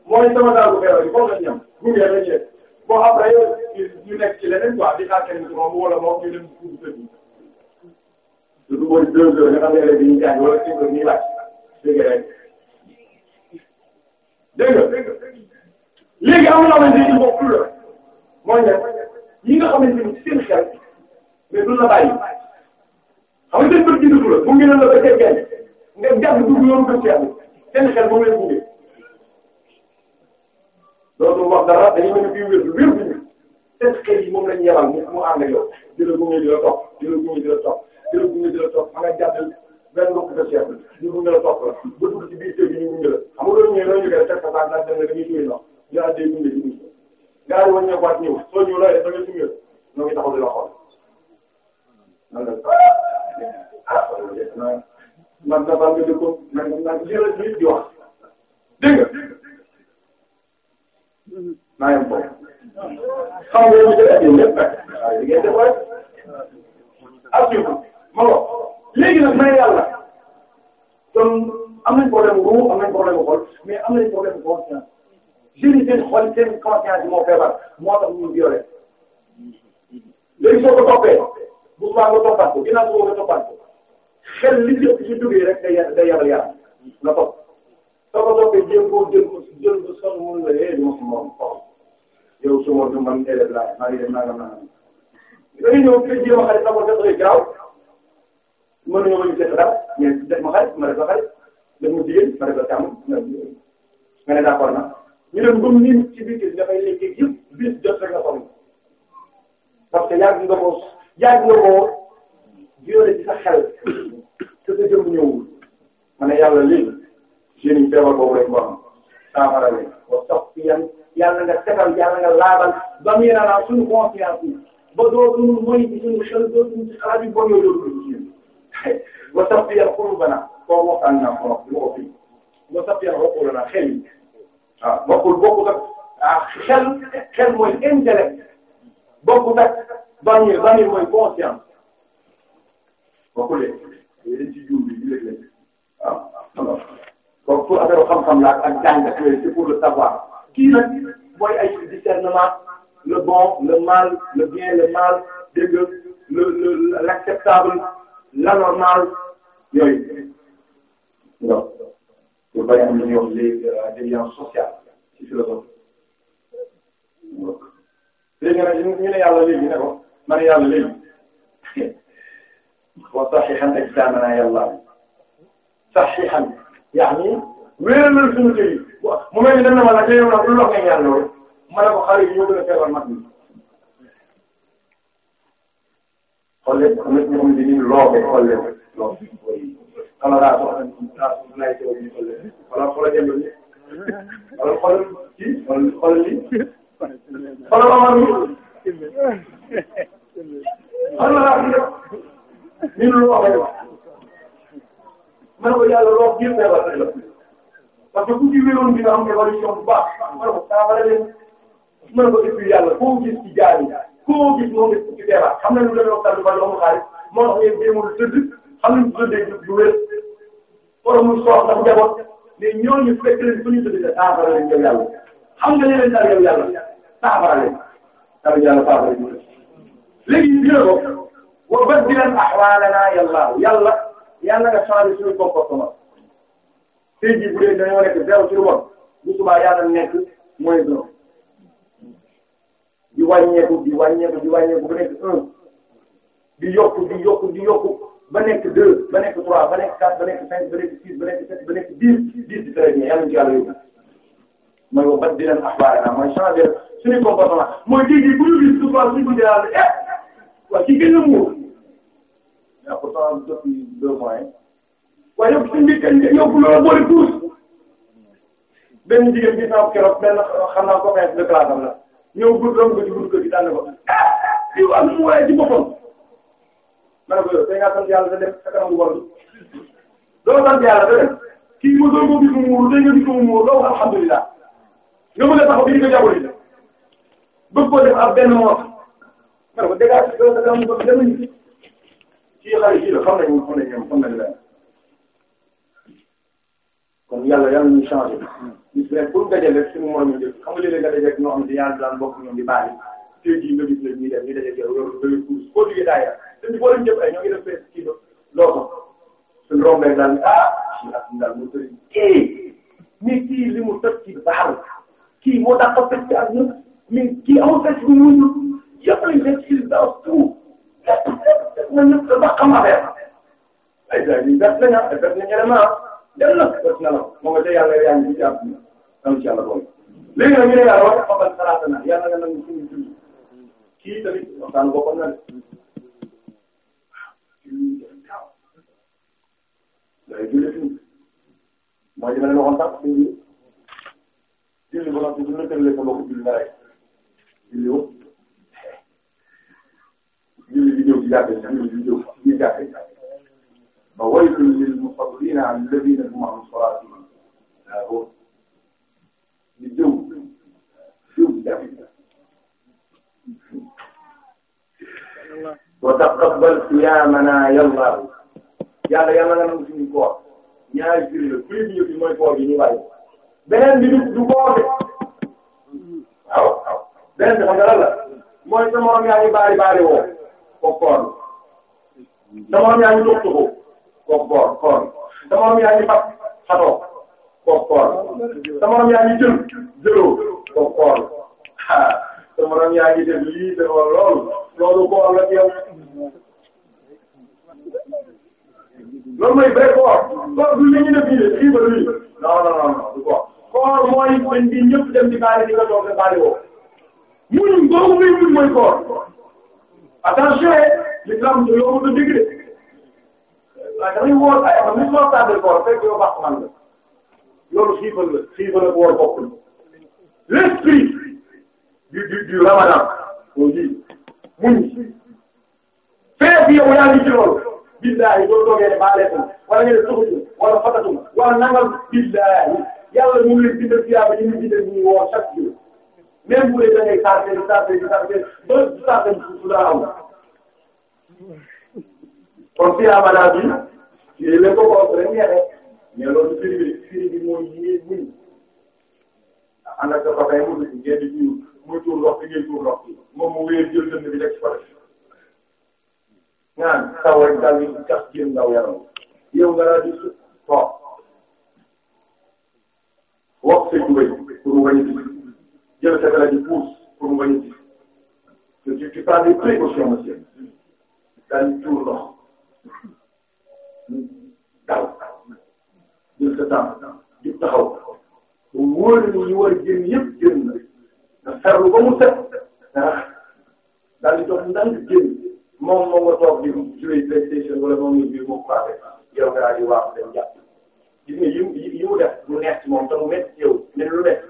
mooy sama daalu xeeral yi foofu la ñëw gunge la ñu boo xam ne ñu nekk ci leneen quoi di xaar kenn ku wala moom ñu dem lu ko bëri deux heures nga xam ne élèves yi ñu jàng wala cinq heures ñu laaj dégg nga dégg léegi am na loo xamante ni bokkul la mooy ne ñi nga xamante ni seen xel mais duñ la bàyyi xam nga seen bët gi dugg la mu ngi ne la ba tey kenn nga jàpp dugg yoonu bët yàlla seen xel moom lañ buggee loolu wax dara dañuy mel ni bii wér wér bu ñu seen xel yi moom lañ yebal mu mu ànd ak yow di la gunge di la topp di la gunge di la topp jërë nga jël toog ma nga jàppale benn mbokku sa chef ñu gunge la topp la ba dugg ci biir kër gi ñu gunge la xam nga loolu mooy loo ñu koy fekk baax naa dem rek ñu suy ndox ñu daal di gunge ci biir gars yi woon ñu waat ñëw soo ñëw looy def da nga suñu yëg ñoo ngi taxaw di la xool. Ah, man de ah man de man de dëkkoon man de man lii la nit di wax dégg nga maa ngi koy xam nga yow ñu jëlee ak yéen ñëpp nag waaye li ngeen def rek assuré. alors léegi nag may yàlla kon am nañ problème bu am nañ problème bu xol mais am nañ problème bu conscience jeunes yi seen xol seen conscience yi moo feebar moo tax ñu violé léegi soo ko toppee bu subaa nga toppaat ko ginnaaw soo ko toppaat ko xel li ci ëpp ci duggee rek day day yabal yaram nga topp soo ko toppee jéem koo jël ko jël ko sonn mu ne eh non non yow su ma du man élève laa maa ngi dem naa nga naan da ngay ñëw fekk jéem a xale sa bopp def gaaw. mën nañoo bañ a seet dara mais def ma xarit ma def la xarit def ma jigéen ma def la càmm ma ne d'accord na ñu dem ba mu ci biir kër dafay léegi yëpp bis jot rek la xool parce que yàgg nga ko yàgg nga ko yore ci sa xel te sa jëmm ñëwul ma ne yàlla léegi jeunes yi feebar boobu rek moo am saafara leen ba toog ci yan yàlla nga setal yàlla nga laabal ba mu yéene suñu confiance bi ba dootul mooy bon yooyu dootul ci wa saffir qulubana kooku waxtaan naa ko wax ko fi wa saffir uqulana xel yi waaw ah, bokkul bokkul ak ah xel xel mooy intellect bokkul ak bànneex bànneex mooy conscience bokkul leen ci jiw bi ñu léeg-léeg waaw donc pour affaire xam-xam la ak jàngat yooyu c'est pour le savoir kii nag mooy ay discernement le bon le mal le bien le mal dégg le le l'acceptable la normal yooyu non pour bañ a am lu ñuy wax les euh, déviances sociales ci philosophie léegi nag ñu ne yàlla léegi ne ko man yàlla léegi wa saxiixan ajsaamana yàlla saxiixan yaani wéeral suñu kër yi mu mel ni dem na ma nag yow nag lu lor nga ñaan loolu ma ne ko xarit ñoo gën a feebar mag ñi xool leen am na ci ñoom dañuy loobe xool leen loobe. leen bu ñu tëddee saafara leen yow yàlla xam nga leen daal yow yàlla saafara leen tamit yàlla saafara leen léegi dina ko wa baddilan ahwaalanaa yàlla yàlla yàlla nga changé suñu comportement tey jii bu dee dañoo nekk zéro sur one bu subaa yàlla nekk moins un di wàññeeku di wàññeeku di wàññeeku bu nekk un di yokku di yokku di yokku ba nekk deux ba nekk trois ba nekk quatre ba nekk cinq ba nekk six ba nekk sept ba nekk dix dix di treize yàlla na ci yàlla yóbbu mooy wa baddilhum ahwaanahum mooy changer suñu comportement mooy tey jii bu ñu gis tout suñu ko jëlaat eh waa ci gën a muur mais pourtant depuis deux mois yi waaye yow suñu bi kañ yow bu loolu boole tuus benn jigéen bi sama keroog benn xam naa ko de classe am la ñëw gudd romb ko ci gudd kër gi daan na ko ah di am mu waaye ci boppam. ma ne ko yow tey ngaa sant yàlla da dem sa kanam bu war bi doo sant yàlla da dem kii ma doon ko gis mu muur tey nga gis mu muur doo wax alhamdulilah nga mën a taxaw bi ñu ko jàppale ji bëgg koo def ak benn mot ma ne ko dégg nga sa kanam bu war bi dem nañu kii xale kii la xam nañu xam nañu xam nañu la kon yàlla yàlla ñu changé gis nga pour nga dajale suñu moroom yi xam nga léeg-léeg nga dajeeg ñoo xam ne ñaar daan bokk ñoom di baax yi tey jii nga gis ne ñuy def ñu dajeeg yow yow nga koy puus koo liggéey daa yàq te ñu boole ñëpp ay ñoo ngi def seen kii loolu suñu romb rek daal ah kii ak ñu daal ñu tëj kii mais kii li mu tëj ci baaxul kii moo tax ko fekk ak ñun mais kii amul fekk bu mu ñëw yëpp lañ def ci daaw tout lépp lépp def na ñëpp dafa xam affaire ay saa yi def nañ ah def nañ ñeneen ah def na def na la moom itam yàlla yaa ngi ci àdduna am ci yàlla lool léegi nag ñu ne yàlla wax dëgg xabaar xalaat na yàlla nga nangu suñu julli kii tamit waxtaan boppam na de. day julli tuuti mooy li ma leen waxoon sax julli julli ba noppi bu ñu la tëralee sa bopp julli nga rek julli woo julli bi ñëw ci jàkkee julli bi ñëw ci jàkkee ba waylun lil musalliina allaziina hum an salaatihim saahuun di jëw jëw ci jàkkee wa taqabbal siyaamana yàlla yàlla yàlla nga nangu suñu koor ñaari jur la bi mooy koor bi ñu bàyyi beneen bi du du koor de waaw waaw beneen bi mooy sa morom yaa ngi baari baari woo ko koor sa morom yaa ngi dox doxoo ko koor koor sa morom yaa ngi fat fatoo ko koor sa morom yaa ngi jël jëloo ko koor ah sa morom yaa ngi def lii te loolu. loolu koor la ci yow loolu mooy vrai koor koor du li ñu def nii fii ba luy non non non du koor koor mooy bañ bi ñëpp dem ci baari di ko toog ne baari woo muñ googu ngay muñ mooy koor attention l'islam du loolu du dégg de waaye damay wóor ay am ni soo tardé koor fekk yow baax man la loolu xiifal la xiifal ak woor bokkul l'esprit du du du ramadan aussi muñ feeñ yow yaa ngi ci loolu billahi doo toogee ne maa lekk wala nga ne soxna wala fatatuma wala nangal billahi yàlla ñu ngi leen bindal tiyaaba ñu ngi bindal ñu woo chaque jour même bu dee da ngay tardé di tardé di tardé ba du tardé du la am kon tiyaaba daal bi yéen a ko ko rek ñeexee mais loolu firi bi firi bi mooy yéen muñ ànd ak sa papa yi mu ngi ci génn muy tuur ndox bi ngay tuur ndox bi moom mu wéer jël dënn bi rek ci pare. naan taw rek daal di tax jëm ndaw yaram yow nga daal di su waaw wax sa jubay pour mu bañ a gis jël sa kala di puus pour mu bañ a gis te tu tu prends des précautions monsieur daal di tuur ndox daw jël sa temps di taxaw bu wóor ni ñu war a génn yëpp génn na. nga ferlu ba mu set ah daal di jox ndànk génn moom moo nga toog di jouer PlayStation wala moom nga jouer moom passé yow nga daal di waax dem jàpp gis nga yi yi mu def mu neex ci moom te mu métti yow ne lu nekk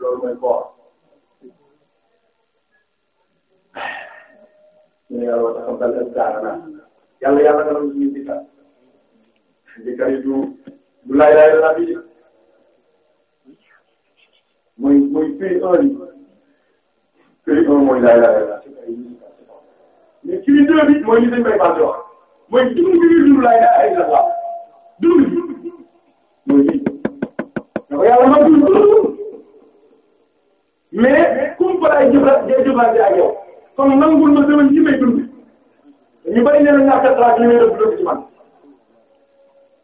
loolu mooy koor ñu ne yàlla wax dëgg yàlla daara naa yàlla yàlla nga doon suñu dikkaat dikkaat yi du du laay laay la bi mooy mooy pays un këyit moom mooy laay laay laaj mooy li dañ koy fàtte wax mooy dund bi dund laay laay la waaw dund bi mooy lii dafa yàlla ma dund mais comme que ay jëfandikoo ak yow comme nangul ma dama ñi may dund ñu bari ne la ñu àgg ak li may def dund ci man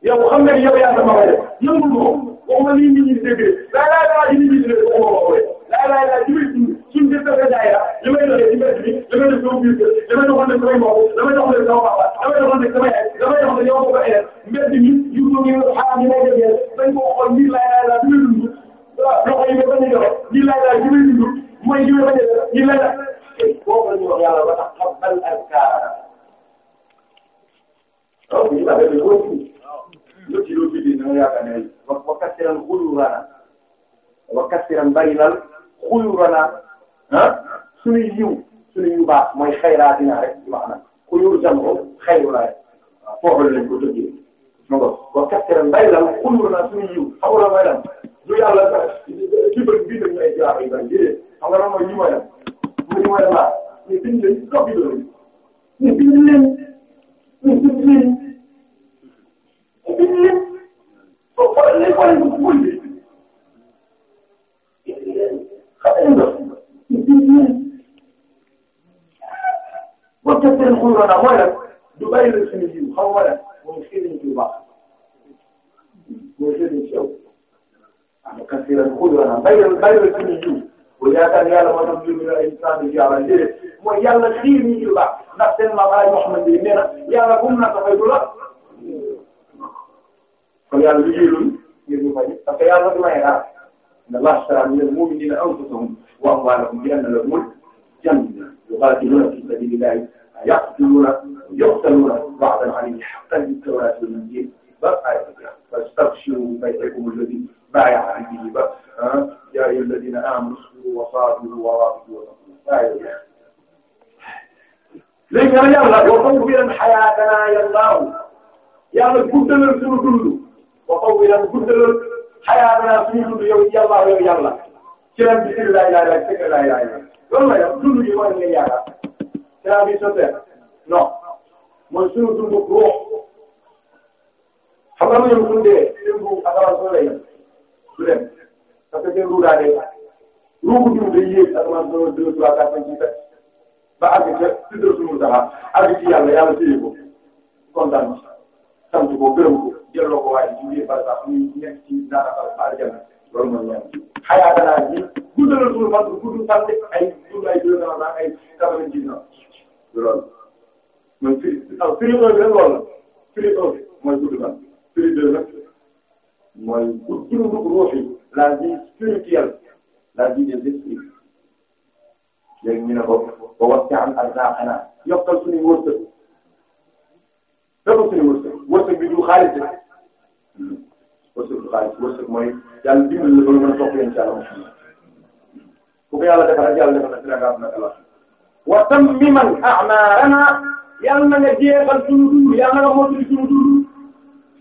yow xam nga ni yow yaa sama def nangul ma ko waxuma lii nit ñi di déggee laay laay laaj nit ñi suñ biir kër daayira li may doxee ci mbedd bi li may def sama biir kër li may doxal sama mbokk damay doxal sama papa damay doxal sama yaay damay doxal yow ko ene mbedd mi yu ko ngi xaram yi may defee dañ koo xool nii laay laay laa bi may dund loxo yi ma bañ a joxe nii laay laay bi may dund mooy li may bañ a joxe nii laay la boobu la ñu wax yàlla ba tax xam bal azkaara donc ñu la defee loo ci loo ci loo ci di dama yaakaar ne wa kasiran xuluurana wa kasiran barilal xuluurana ah suñuy yiw suñuy yu baax mooy xayraatina rek maanaam ku yor jamono xayru la rek waaw foofu lañ ko tëjee ma nga ba kattan mbay la xullu naa suñuy yiw xaw la may lan du yàlla ci bëri bii dañu ay jaaxal yu bëri déedéet xam nga lan mooy ñu mooy lan mooy ñu mooy lan laa ñu bind leen ndox bi doon ñu bind leen ñu bind leen ñu bind leen ba xoolal léegi xoolal nga ko bëri. boo ca seen xulóo nag mooy nag du bàyyi la suñu jiw xam nga nag moom sëriñ ci baax mooy sëriñ ci yow am ah, ka seen xulóo nag bàyyi la bàyyi la suñu jiw bu yaakaar yàlla moo tax ñu ay plan de yàlla déedéet mooy yàlla xiir ñu ci baax ndax seen maam ay Mouhamad bi nee na yàlla bu mu naan dafay du la kon yàlla liggéeyul ngir ñu bañ parce que yàlla du may dara ndax laaj dara ñu ne mu'minina anfusahum وأموالهم بأن لهم الملك جنة يقاتلون في سبيل الله يقتلون يقتلون وعدا عليه حقا للتوراة والإنجيل فاستبشروا بيعكم الذي بايع به يا أيها الذين آمنوا اصبروا وصابروا ورابطوا وتقوا léegi nag yàlla wa fawwilan hayaatanaa yàlla yàlla guddalal suñu dund wa fawwilan guddalal hayaatanaa suñu dund yow yàlla yow yàlla ci la bi lay laay laay fekk laay laay loolu la yow dund gi mooy ngeen yaakaar c'est la vie sociale non mooy suñu dundu ruux xam nga lu ñu dundee dundu asamaan soo lay du dem parce que seen ruux daa dee ruuxu dund day yéeg asamaan soo deux trois quatre cinq six sept ba àgg ca ci deux suñu taxaw àgg ci yàlla yàlla téye ko kontaan sant ko gërëm ko jëloo ko waaye ci biir par exemple ñu nekk ci naata par par jàmm loolu mooy ñaar xayaa danaa ji guddalal suñu fan gudd fan ay suuf ay deux ans ay quatre-vingt-dix ans loolu mooy prix ah prix un bi rek loolu la prix un mooy gudd fan prix deux nag mooy gudd ruuxi la vie spirituelle la vie des esprits léegi ñu ne ko ba wax ca am arzaqana yokkal suñu wërsëg yokkal suñu wërsëg wërsëg bi du xaalis wërsëg xaalis wërsëg mooy yàlla dimbali la ba mën a topp leen ci yàlla moom bu ko yàlla defal ak yàlla defal na Sénégal am na kala wa tammiman a'marana yàlla na nga jeexal suñu dund yàlla na nga mottali suñu dund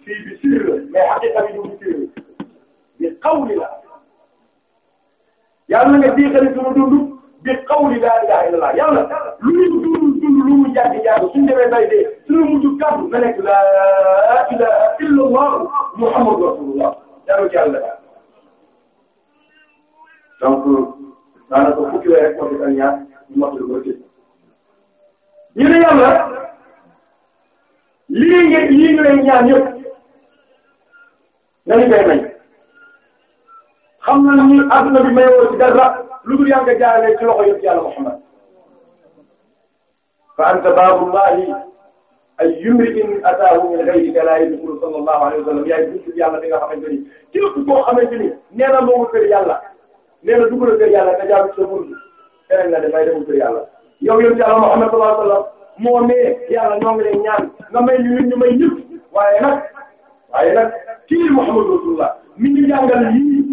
fii bi sir la mais haqiqa bi du sir bi qawli la yàlla na nga jeexal suñu dund bi qawli laa ilaaha illallaah yàlla lu ñu dund dund lu mu yàgg yàgg suñu demee bay dee suñu mujj kàddu na nekk laa ilaaha illallaah muhammadu rasuulullaah yàlla jàll donc daanaka fukki weer rek côté Kane ñaar ñu motul ko ci ñu ne yàlla lii ngeen lii ñu leen ñaan ñëpp nañu koy may xam na ni àdduna bi mayoo ci dara lu dul yaa nga jaarale ci loxo yëpp yàlla Muhammad fa anta baabullahi ay yumriin ataahu min ghayrika laa yadkhulu sallallahu alayhi wa sallam yaay buntu yàlla bi nga xamante ni képp koo xamante ni nee na moomu kër yàlla nee na dugg na kër yàlla nga jaarul sa buntu feneen la damay demul kër yàlla yow yëpp yàlla Muhammad sallallahu alayhi wa sallam moo nee yàlla ñoo ngi leen ñaan nga may ñu ñu may ñëpp waaye nag nag kii Muhammad rasulullah mi ñu jàngal yii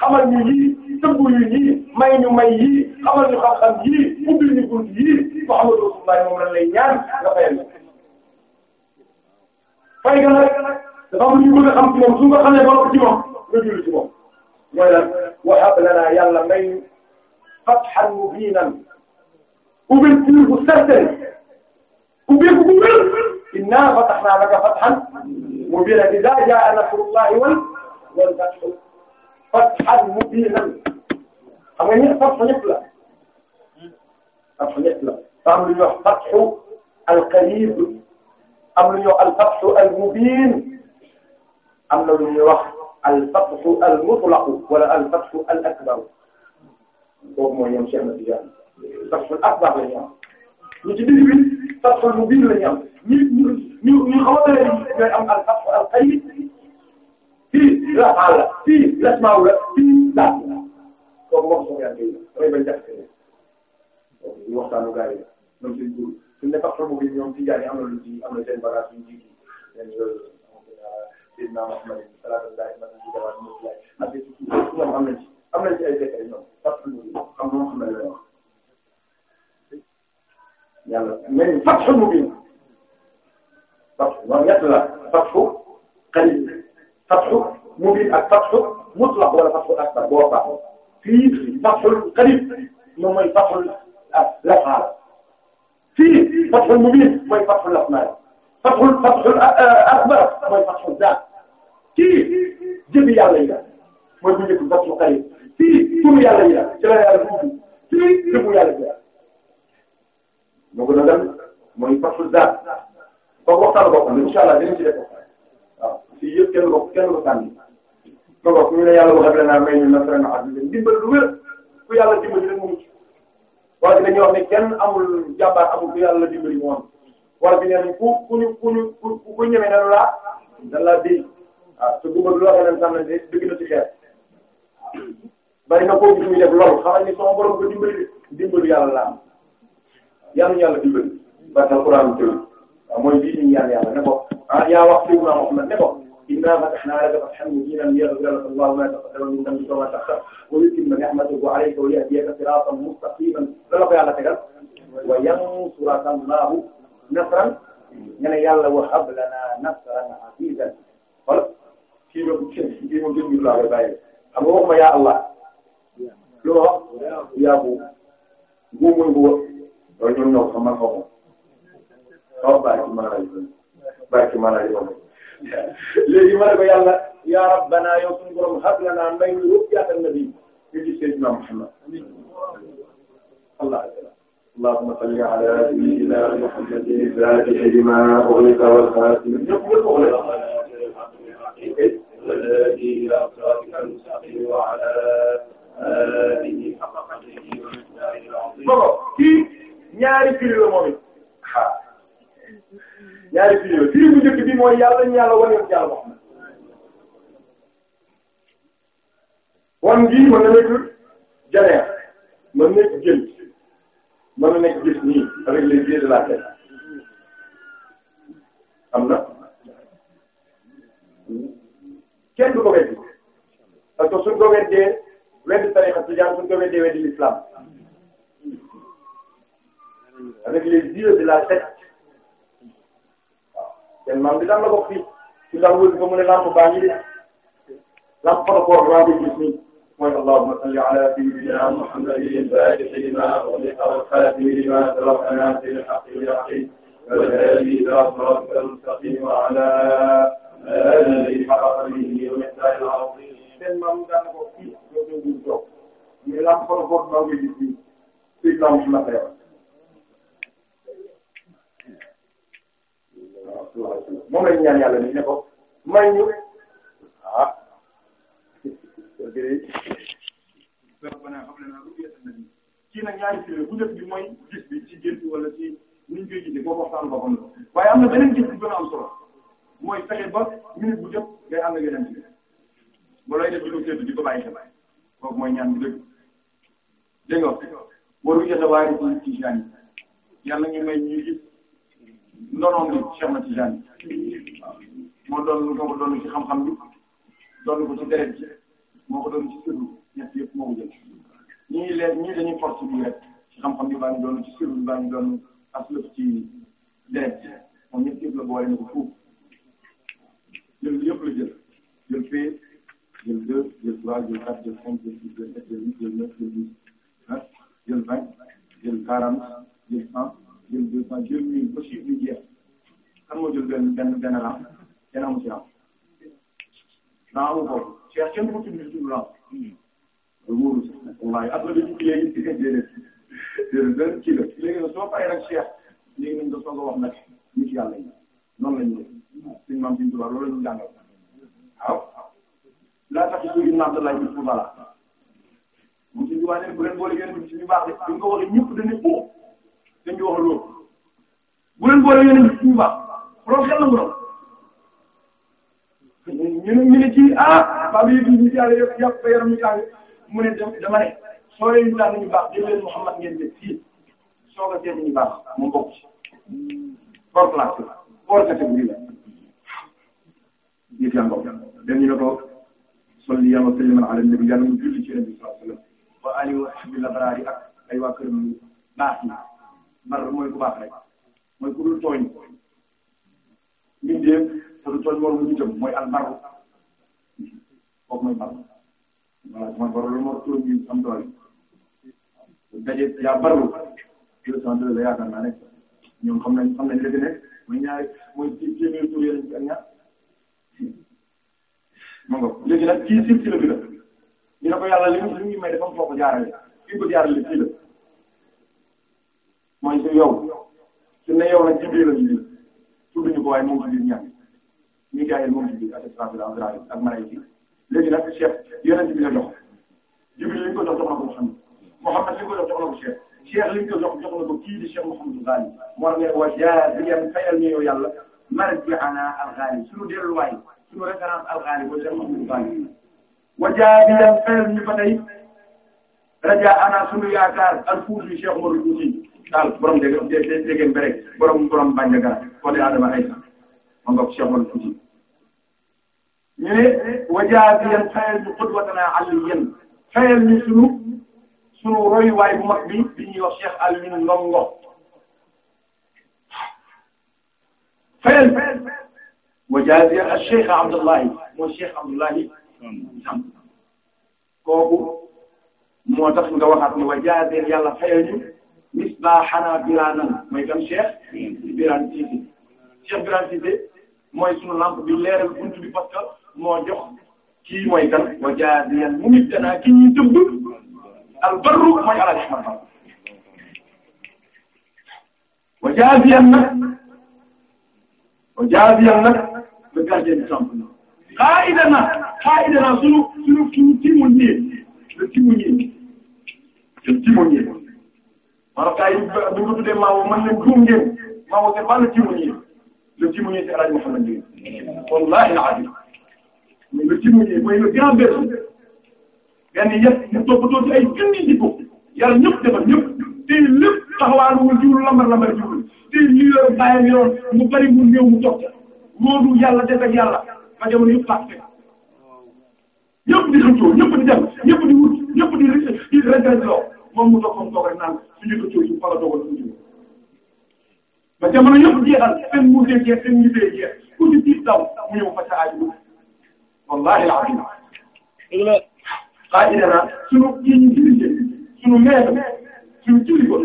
xamal ñu yii tëggu ñu ñii may ñu may yii xamal ñu xam-xam yii ubbi ñu bunt yii Muhammadu Rasulullah moom lañ lay ñaan nga fayal la. fay nga nag dafa am lu ñu bëgg a xam ci moom su nga xamee ba ci moom nga julli ci moom mooy lan wa hab lana yàlla may fathan mubiinan ouverture bu certaine ubbeeku bu wér innaa fatahnaa laka fathan mubiinan idaa jaa nasrullahi wal wal fathu fathan mubiinan xam nga ñun fatxu ñëpp la fatxu ñëpp la am lu ñuy wax fatxu alqarib am lu ñuy wax alfatxu almubin am na lu ñuy wax alfatxu almutlaq wala alfatxu alakbar boobu mooy ñoom Cheikh Ahmed Tidiane fatxu alakbar la ñu am ñu ci digg bi fatxu almubin la ñu am ñu ñu ñu xamal ñooy am alfatxu alqarib fii la xaal la fii la smaaw la fii la kooku wax soo yàggee yi damay bañ jaxase ñu waxtaanu gars yi ñoom seen jur suñ ne sax xamu bi ñoom ci jaay am na lu ci am na seen bagage yu ji leen yooyu seen euh, naam euh, ak mari salaatal daay man ci dawaat mu ci ak ci ñoom am nañ ci am nañ ci ay détails ñoom sax xamu xam nga xam na la wax yàlla mais sax xamu bi sax moom ñett la sax fu xali sax fu mu bi ak sax fu mutlaq wala sax fu akbar boo baaxoo fii Fathul Qarib moom mooy Fathul Lafaal fii Fathul Mubiin mooy Fathul Lafaal Fathul Fathul ah, ah, ah, Akbar mooy Fathul Zaat fii jëbi yàlla yi la mooy bu njëkk Fathul Qarib fii turu yàlla yi la ci la yàlla dugg fii jëbu yàlla yi la moo gën a dem mooy Fathul Zaat kooku waxtaan bokk na incha allah dinañ ci def waaw fii yëpp kenn ko kenn ko sànni nga bokk ñu ne yàlla wax dëgg naa may ñu na feneen at bi lu wér ku yàlla dimbali rek mu mucc wala bi dañuy wax ne kenn amul jàmbaar amul ku yàlla dimbali mu am wala bi nee ku ku ñu ku ñu ku ku ñeme dañu laa dañu laa ne sax nañ dëgg na ci xeer bari na koo gis muy def lool ni sama borom dimbali dimbalu yàlla la am yàlla yàlla dimbali. ba tax Alxuraan tëj waaw ah, mooy lii ne ko ah, yaa wax Seydou Maama ne ko. إنا فتحنا لك فتحا مبينا ليغفر لك الله ما تقدم من ذنبك وما تأخر ويتم نعمته عليك ويهديك صراطا مستقيما dana ko yàlla tegal wa yansuraka Allahu nasran ñu ne yàlla wahab lanaa nasran azizan wala kii ma kii ma gën ñu laa koy bàyyi xam nga waxuma yaa Allah lu ma wax yaa bu bu muy bu loolu ñun ñoo ko xam man xaw ma xaw ma bàyyi ci maanaam bàyyi ci maanaam léegi ma ne ko yàlla ya rabbana yow suñu borom hab lana may ñu wëpp yaatal nabi ñu gis Seydina Muhammad allahumma salli ala sayyidina Muhammadin fatihi lima ughliqa wal khatim والهادي إلى صراطك المستقيم وعلى آله حق قدره ومقداره العظيم. kii ñaari firi la moom ñaari firi la firi bu njëkk bi mooy yàlla ñu yàlla wan yoon yàlla wax na wan gi mën na nekk janeer mën na nekk jël mën na nekk gis nii avec les yeux de la tête am na kenn du ko weddi parce que suñ ko weddee weddi tariqa tijaan suñ ko weddee weddi l'islam avec les yeux de la tête seen maam bi daan la bokk fii ci ndax wër fa mu ne lamp baa ngi de lamp protocole laa koy gis nii mooy allahumma salli ala sayyidina muhammadin al-fatihi lima ughliqa wal-khatimi lima sabaqa nasir al-haqqi bil-haqqi wal-hadi ila siratika al-mustaqim wa ala alihi haqqa qadrihi wa miqdarihi al-azim seen maam bi daan la bokk fii ñu lamp protocole laa koy gis nii moom lañu ñaan yàlla ni ne ko may ñu ah kii nag ñaari siré bu njëkk bi mooy gis bi ci gént wala ci niñ koy gisee boo waxtaan boppam la waaye am na beneen gis bi gën a am solo mooy fexe ba minute bu jot ngay ànd ak yeneen bi ba looy def di ko séddu di ko bàyyi sa bàyyi kooku mooy ñaan bu dëgg dégg nga boo duggee sa waaye ci ci jaan yi yàlla ñu may ñuy gis nonoom li Cheikh na ci Tijaan moo doon moo ko doon ci xam-xam bi doon ko ci deret ji moo ko doon ci sirru ñett yëpp moo ko jël ñii leen ñii dañuy force bi rek ci xam-xam bi baa ngi doon ci sirru baa ngi doon aslëf ci deret ji moom ñett yëpp la boole na ko fuuf jël yëpp la jël jël fee jël deux jël trois jël quatre jël cinq jël six jël sept jël huit jël neuf jël dix ah jël vingt jël quarante jël cent jël deux cent jël mille ba chiffre bi jeex kan moo jël benn benn benn raam kenn amu ci raam raamu ko Cheikh kenn ku ci biir suñu raam. loolu wóorul wallaahi at la dañu léegi ci déedéet déedéet benn kii la léegi nag soo fay rek Cheikh léegi nañ ko soog a wax nag nit yàlla yi noonu la ñu def suñu maam suñu tubaab loolu la ñu jàngal waaw laa tax ci suñu naam laay gis bu bala bu ci diwaanee bu leen boole ngeen ci ñu baax de bu ñu ko waxee ñëpp dañuy boo dañ ci wax loolu bu boole yeneen bi suñu baax loolu xel la mu doon ñu ne ñu ci ah ba bi ñu ci yaram mu ne dama soo leen baax dégg leen Muhammad ngeen def fii soo ko seet ñu baax mu bokk ci hors place la hors catégorie la biir jàngoo ne ko salli wa sallim mu julli ci nabi sallallahu alayhi wa sallam wa alihi wa sahbihi al-abrar ak ay waa këram baax mar mooy ku baax mooy ku dul tooñ mbindeef te du tooñ waru mu jëm mooy al mar kooku mooy mar mooy borom mu war a am doole yaa barlu deux cent deux la yaakaar naa ne ñoom xam nañ xam nañ li fi nekk mooy ñaari mooy téeméer tur yéen ak ñaar ma kii ko yàlla li mu la mooy su yow su ne yow nag ci biir la ci biir tudduñu ko waaye moom ci biir ñaar Mikaayil moom ci biir ak malayka léegi nag chef yonent bi la jox Jibril li ko jox jox na ko Muhammad Muhammad li ko jox jox na ko chef cheikh li ko jox jox na ko kii di cheikh Mouhamadou Ghali war nga wa jaabiyan fayal ñu yow yàlla marji'ana al-Ghali suñu delluwaay suñu référence al-Ghali mooy cheikh Mouhamadou Ghali wa jaabiyan fayal ñu fa tey raja'ana suñu yaakaar al-Fuuti cheikh Oumar Fuuti daal borom dégg dégg mbéy borom borom bañ a gaañ wala Adama ay sax ma ngoog Cheikhul Fouti ñu ne wajaabiyan fayal ñu xudwatana aliyan fayal ñu sunu sunu royuwaay bu mag bi bi ñuy wax Cheikh Aliou Ngom Ngom fayal fayal wajaabiyan ak Cheikh Abdullahi mooy Cheikh Abdullahi Sam kooku moo tax nga waxaat ne wajaabiyan yàlla fayal baaxanaa biraanan mooy kam Cheikh Birane Cissé Cheikh Birane Cissé mooy sunu lampe bi bi parce que jox kii mooy kan wa jaadiyan mu nit ki ñuy tëbb al barru mooy El Hadj Ahmad wa jaadiyan nag wa jaadiyan nag le gardien du temple qaidana Marocains yi bu ñu ko tuddee Maodo man leen juum ngeen Maodo c'est pas le timonier le timonier c'est El Hadj Mouhamed Ndeye wallaahi al-azim mais le timonier mooy le grand berger benn yëpp mu toppatoo ci ay junni di ko yàlla ñëpp defal ñëpp te lépp taxawaanuwul jiwul lambar lambar jiwul te lii yor bàyyi yoon mu bari mu néew mu toog loolu yàlla def ak yàlla ba jamono yëpp paase ñëpp di xëccoo ñëpp di dem ñëpp di wut ñëpp di di rëcc loo. moom mu doog moom rek naan suñu ko cooy fa la dogal suñu ba jamono yëpp jeexal seen muusee jeex seen musée jeex ku ci tiit daw mu ñëw fa ca aaju wallahi alazim xaajide naa suñu kii ñu dirigé suñu maître suñu kilifa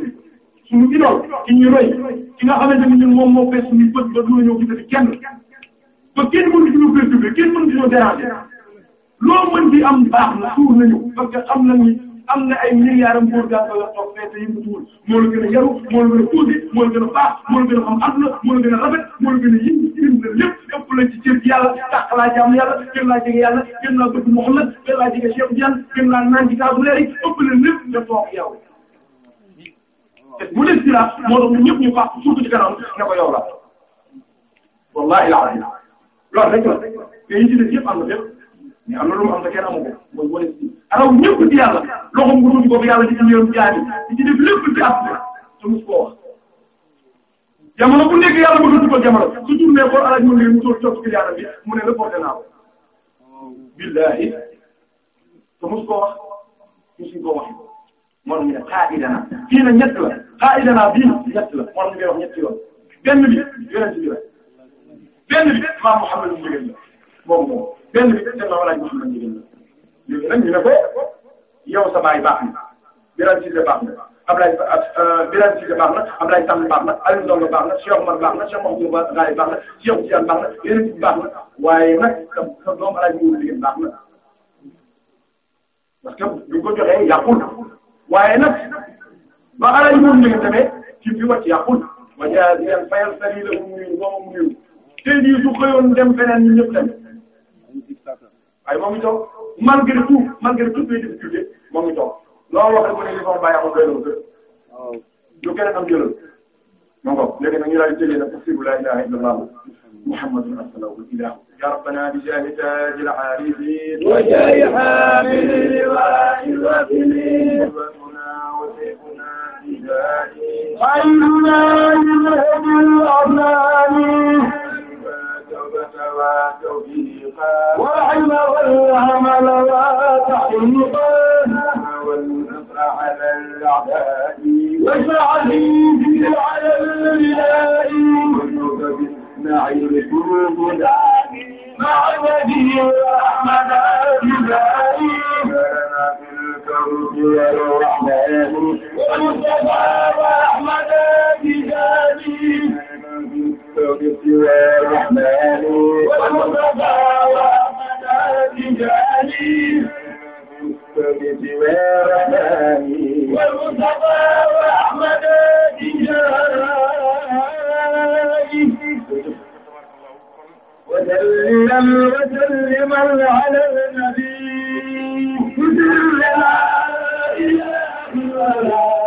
suñu idole ki ñuy roy ki nga xamante ni ñun moom moo fees suñu bët ba duna ñëw gisati kenn ba kenn mënu ci ñu perturbé kenn loo mën di am baax na suur nañu parce que xam nañ ni am na ay milliards nguur gaa koy wax toog mais te yëngatuwul moo la gën a yaru moo la gën a tuuti moo la gën a baax moo la gën a xam àdduna moo la gën a rafet moo la gën a yëngu yëngu na lépp lépp la ci cër ci yàlla tax laa jaamu yàlla gën laa jege yàlla gën laa bëgg Muhammad gën laa jege Cheikh Diagne gën laa naan ci kaasu leer yi ëpp na lépp nga toog yow. te bu dee si la moo tax ñun ñëpp ñu baax surtout ci kanam ne ko la wallaahi la loolu la mais yi ci des yëpp am na mais am na lu mu am te kenn amu ko mooy wane si araw ñëpp ci yàlla loxoom bu dul boobu yàlla di am yoon jaay di ci def lépp di àpp te mu ko wax. jamono bu a dugal mu toll jot ci yàlla bi mu ne reporté ko. billahi te mu ko wax mu ko wax moo ñu ne qaidana kii na ñett la qaidana bii ñett la moo ñu koy wax ñetti yoon benn bi yonent bi la benn bi maam mu jógee benn bi seen ma walaaj Mouhamed Ndieguène léegi nag ñu ne ko yow sa baay baax na Birane Cissé baax na Ablaye euh, Birane Cissé baax na Ablaye Samb baax na Alioune Ndongo baax na Cheikh Omar baax na Cheikh Mouhamadou Ba Gaye baax na Cheikh Tidiane baax na yeneen ci baax na waaye nag sa doom walaaj Mouhamed Ndieguène baax na parce que bu ko joxee yàqul waaye nag ba walaaj Mouhamed Ndieguène tamit ci bi wàcc yàqul wala di leen fayal sari la mu nuyu boo ma mu nuyu tey jii su xëyoon dem feneen ñun ñëpp tamit. waaye moom mi toog malgré tout malgré toutes les difficultés moom mi toog loolu wax rek mu ne li ko bàyyi amul benn kër waaw lu keneen am jëlal ma ko léegi nag ñu daal di tëjee nag tafsiru la ilaha illa allah muhammadun rasulullah ilahu ya rabbana bi jahi taji al arifin wa jahi hamil liwa'i wa filin خيرنا من هدي الأرمان توبة وتوبة وعلم والعمل وتحقيقا والنصر على الاعداء واجعل في على البلاء والنصر بالاسماعيل قلوب مع النبي احمد الابتدائي لنا في الكرب والرحمن والمصطفى واحمد الابتدائي الكون سوى الرحمن والمصطفى وأحمد الرجال الكون سوى الرحمن والمصطفى وأحمد الرجال وسلما وسلما على النبي لا إله إلا الله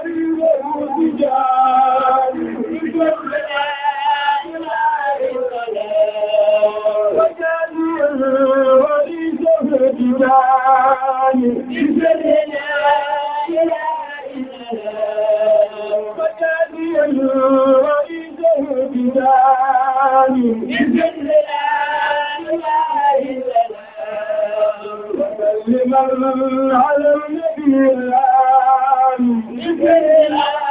على النبي الآن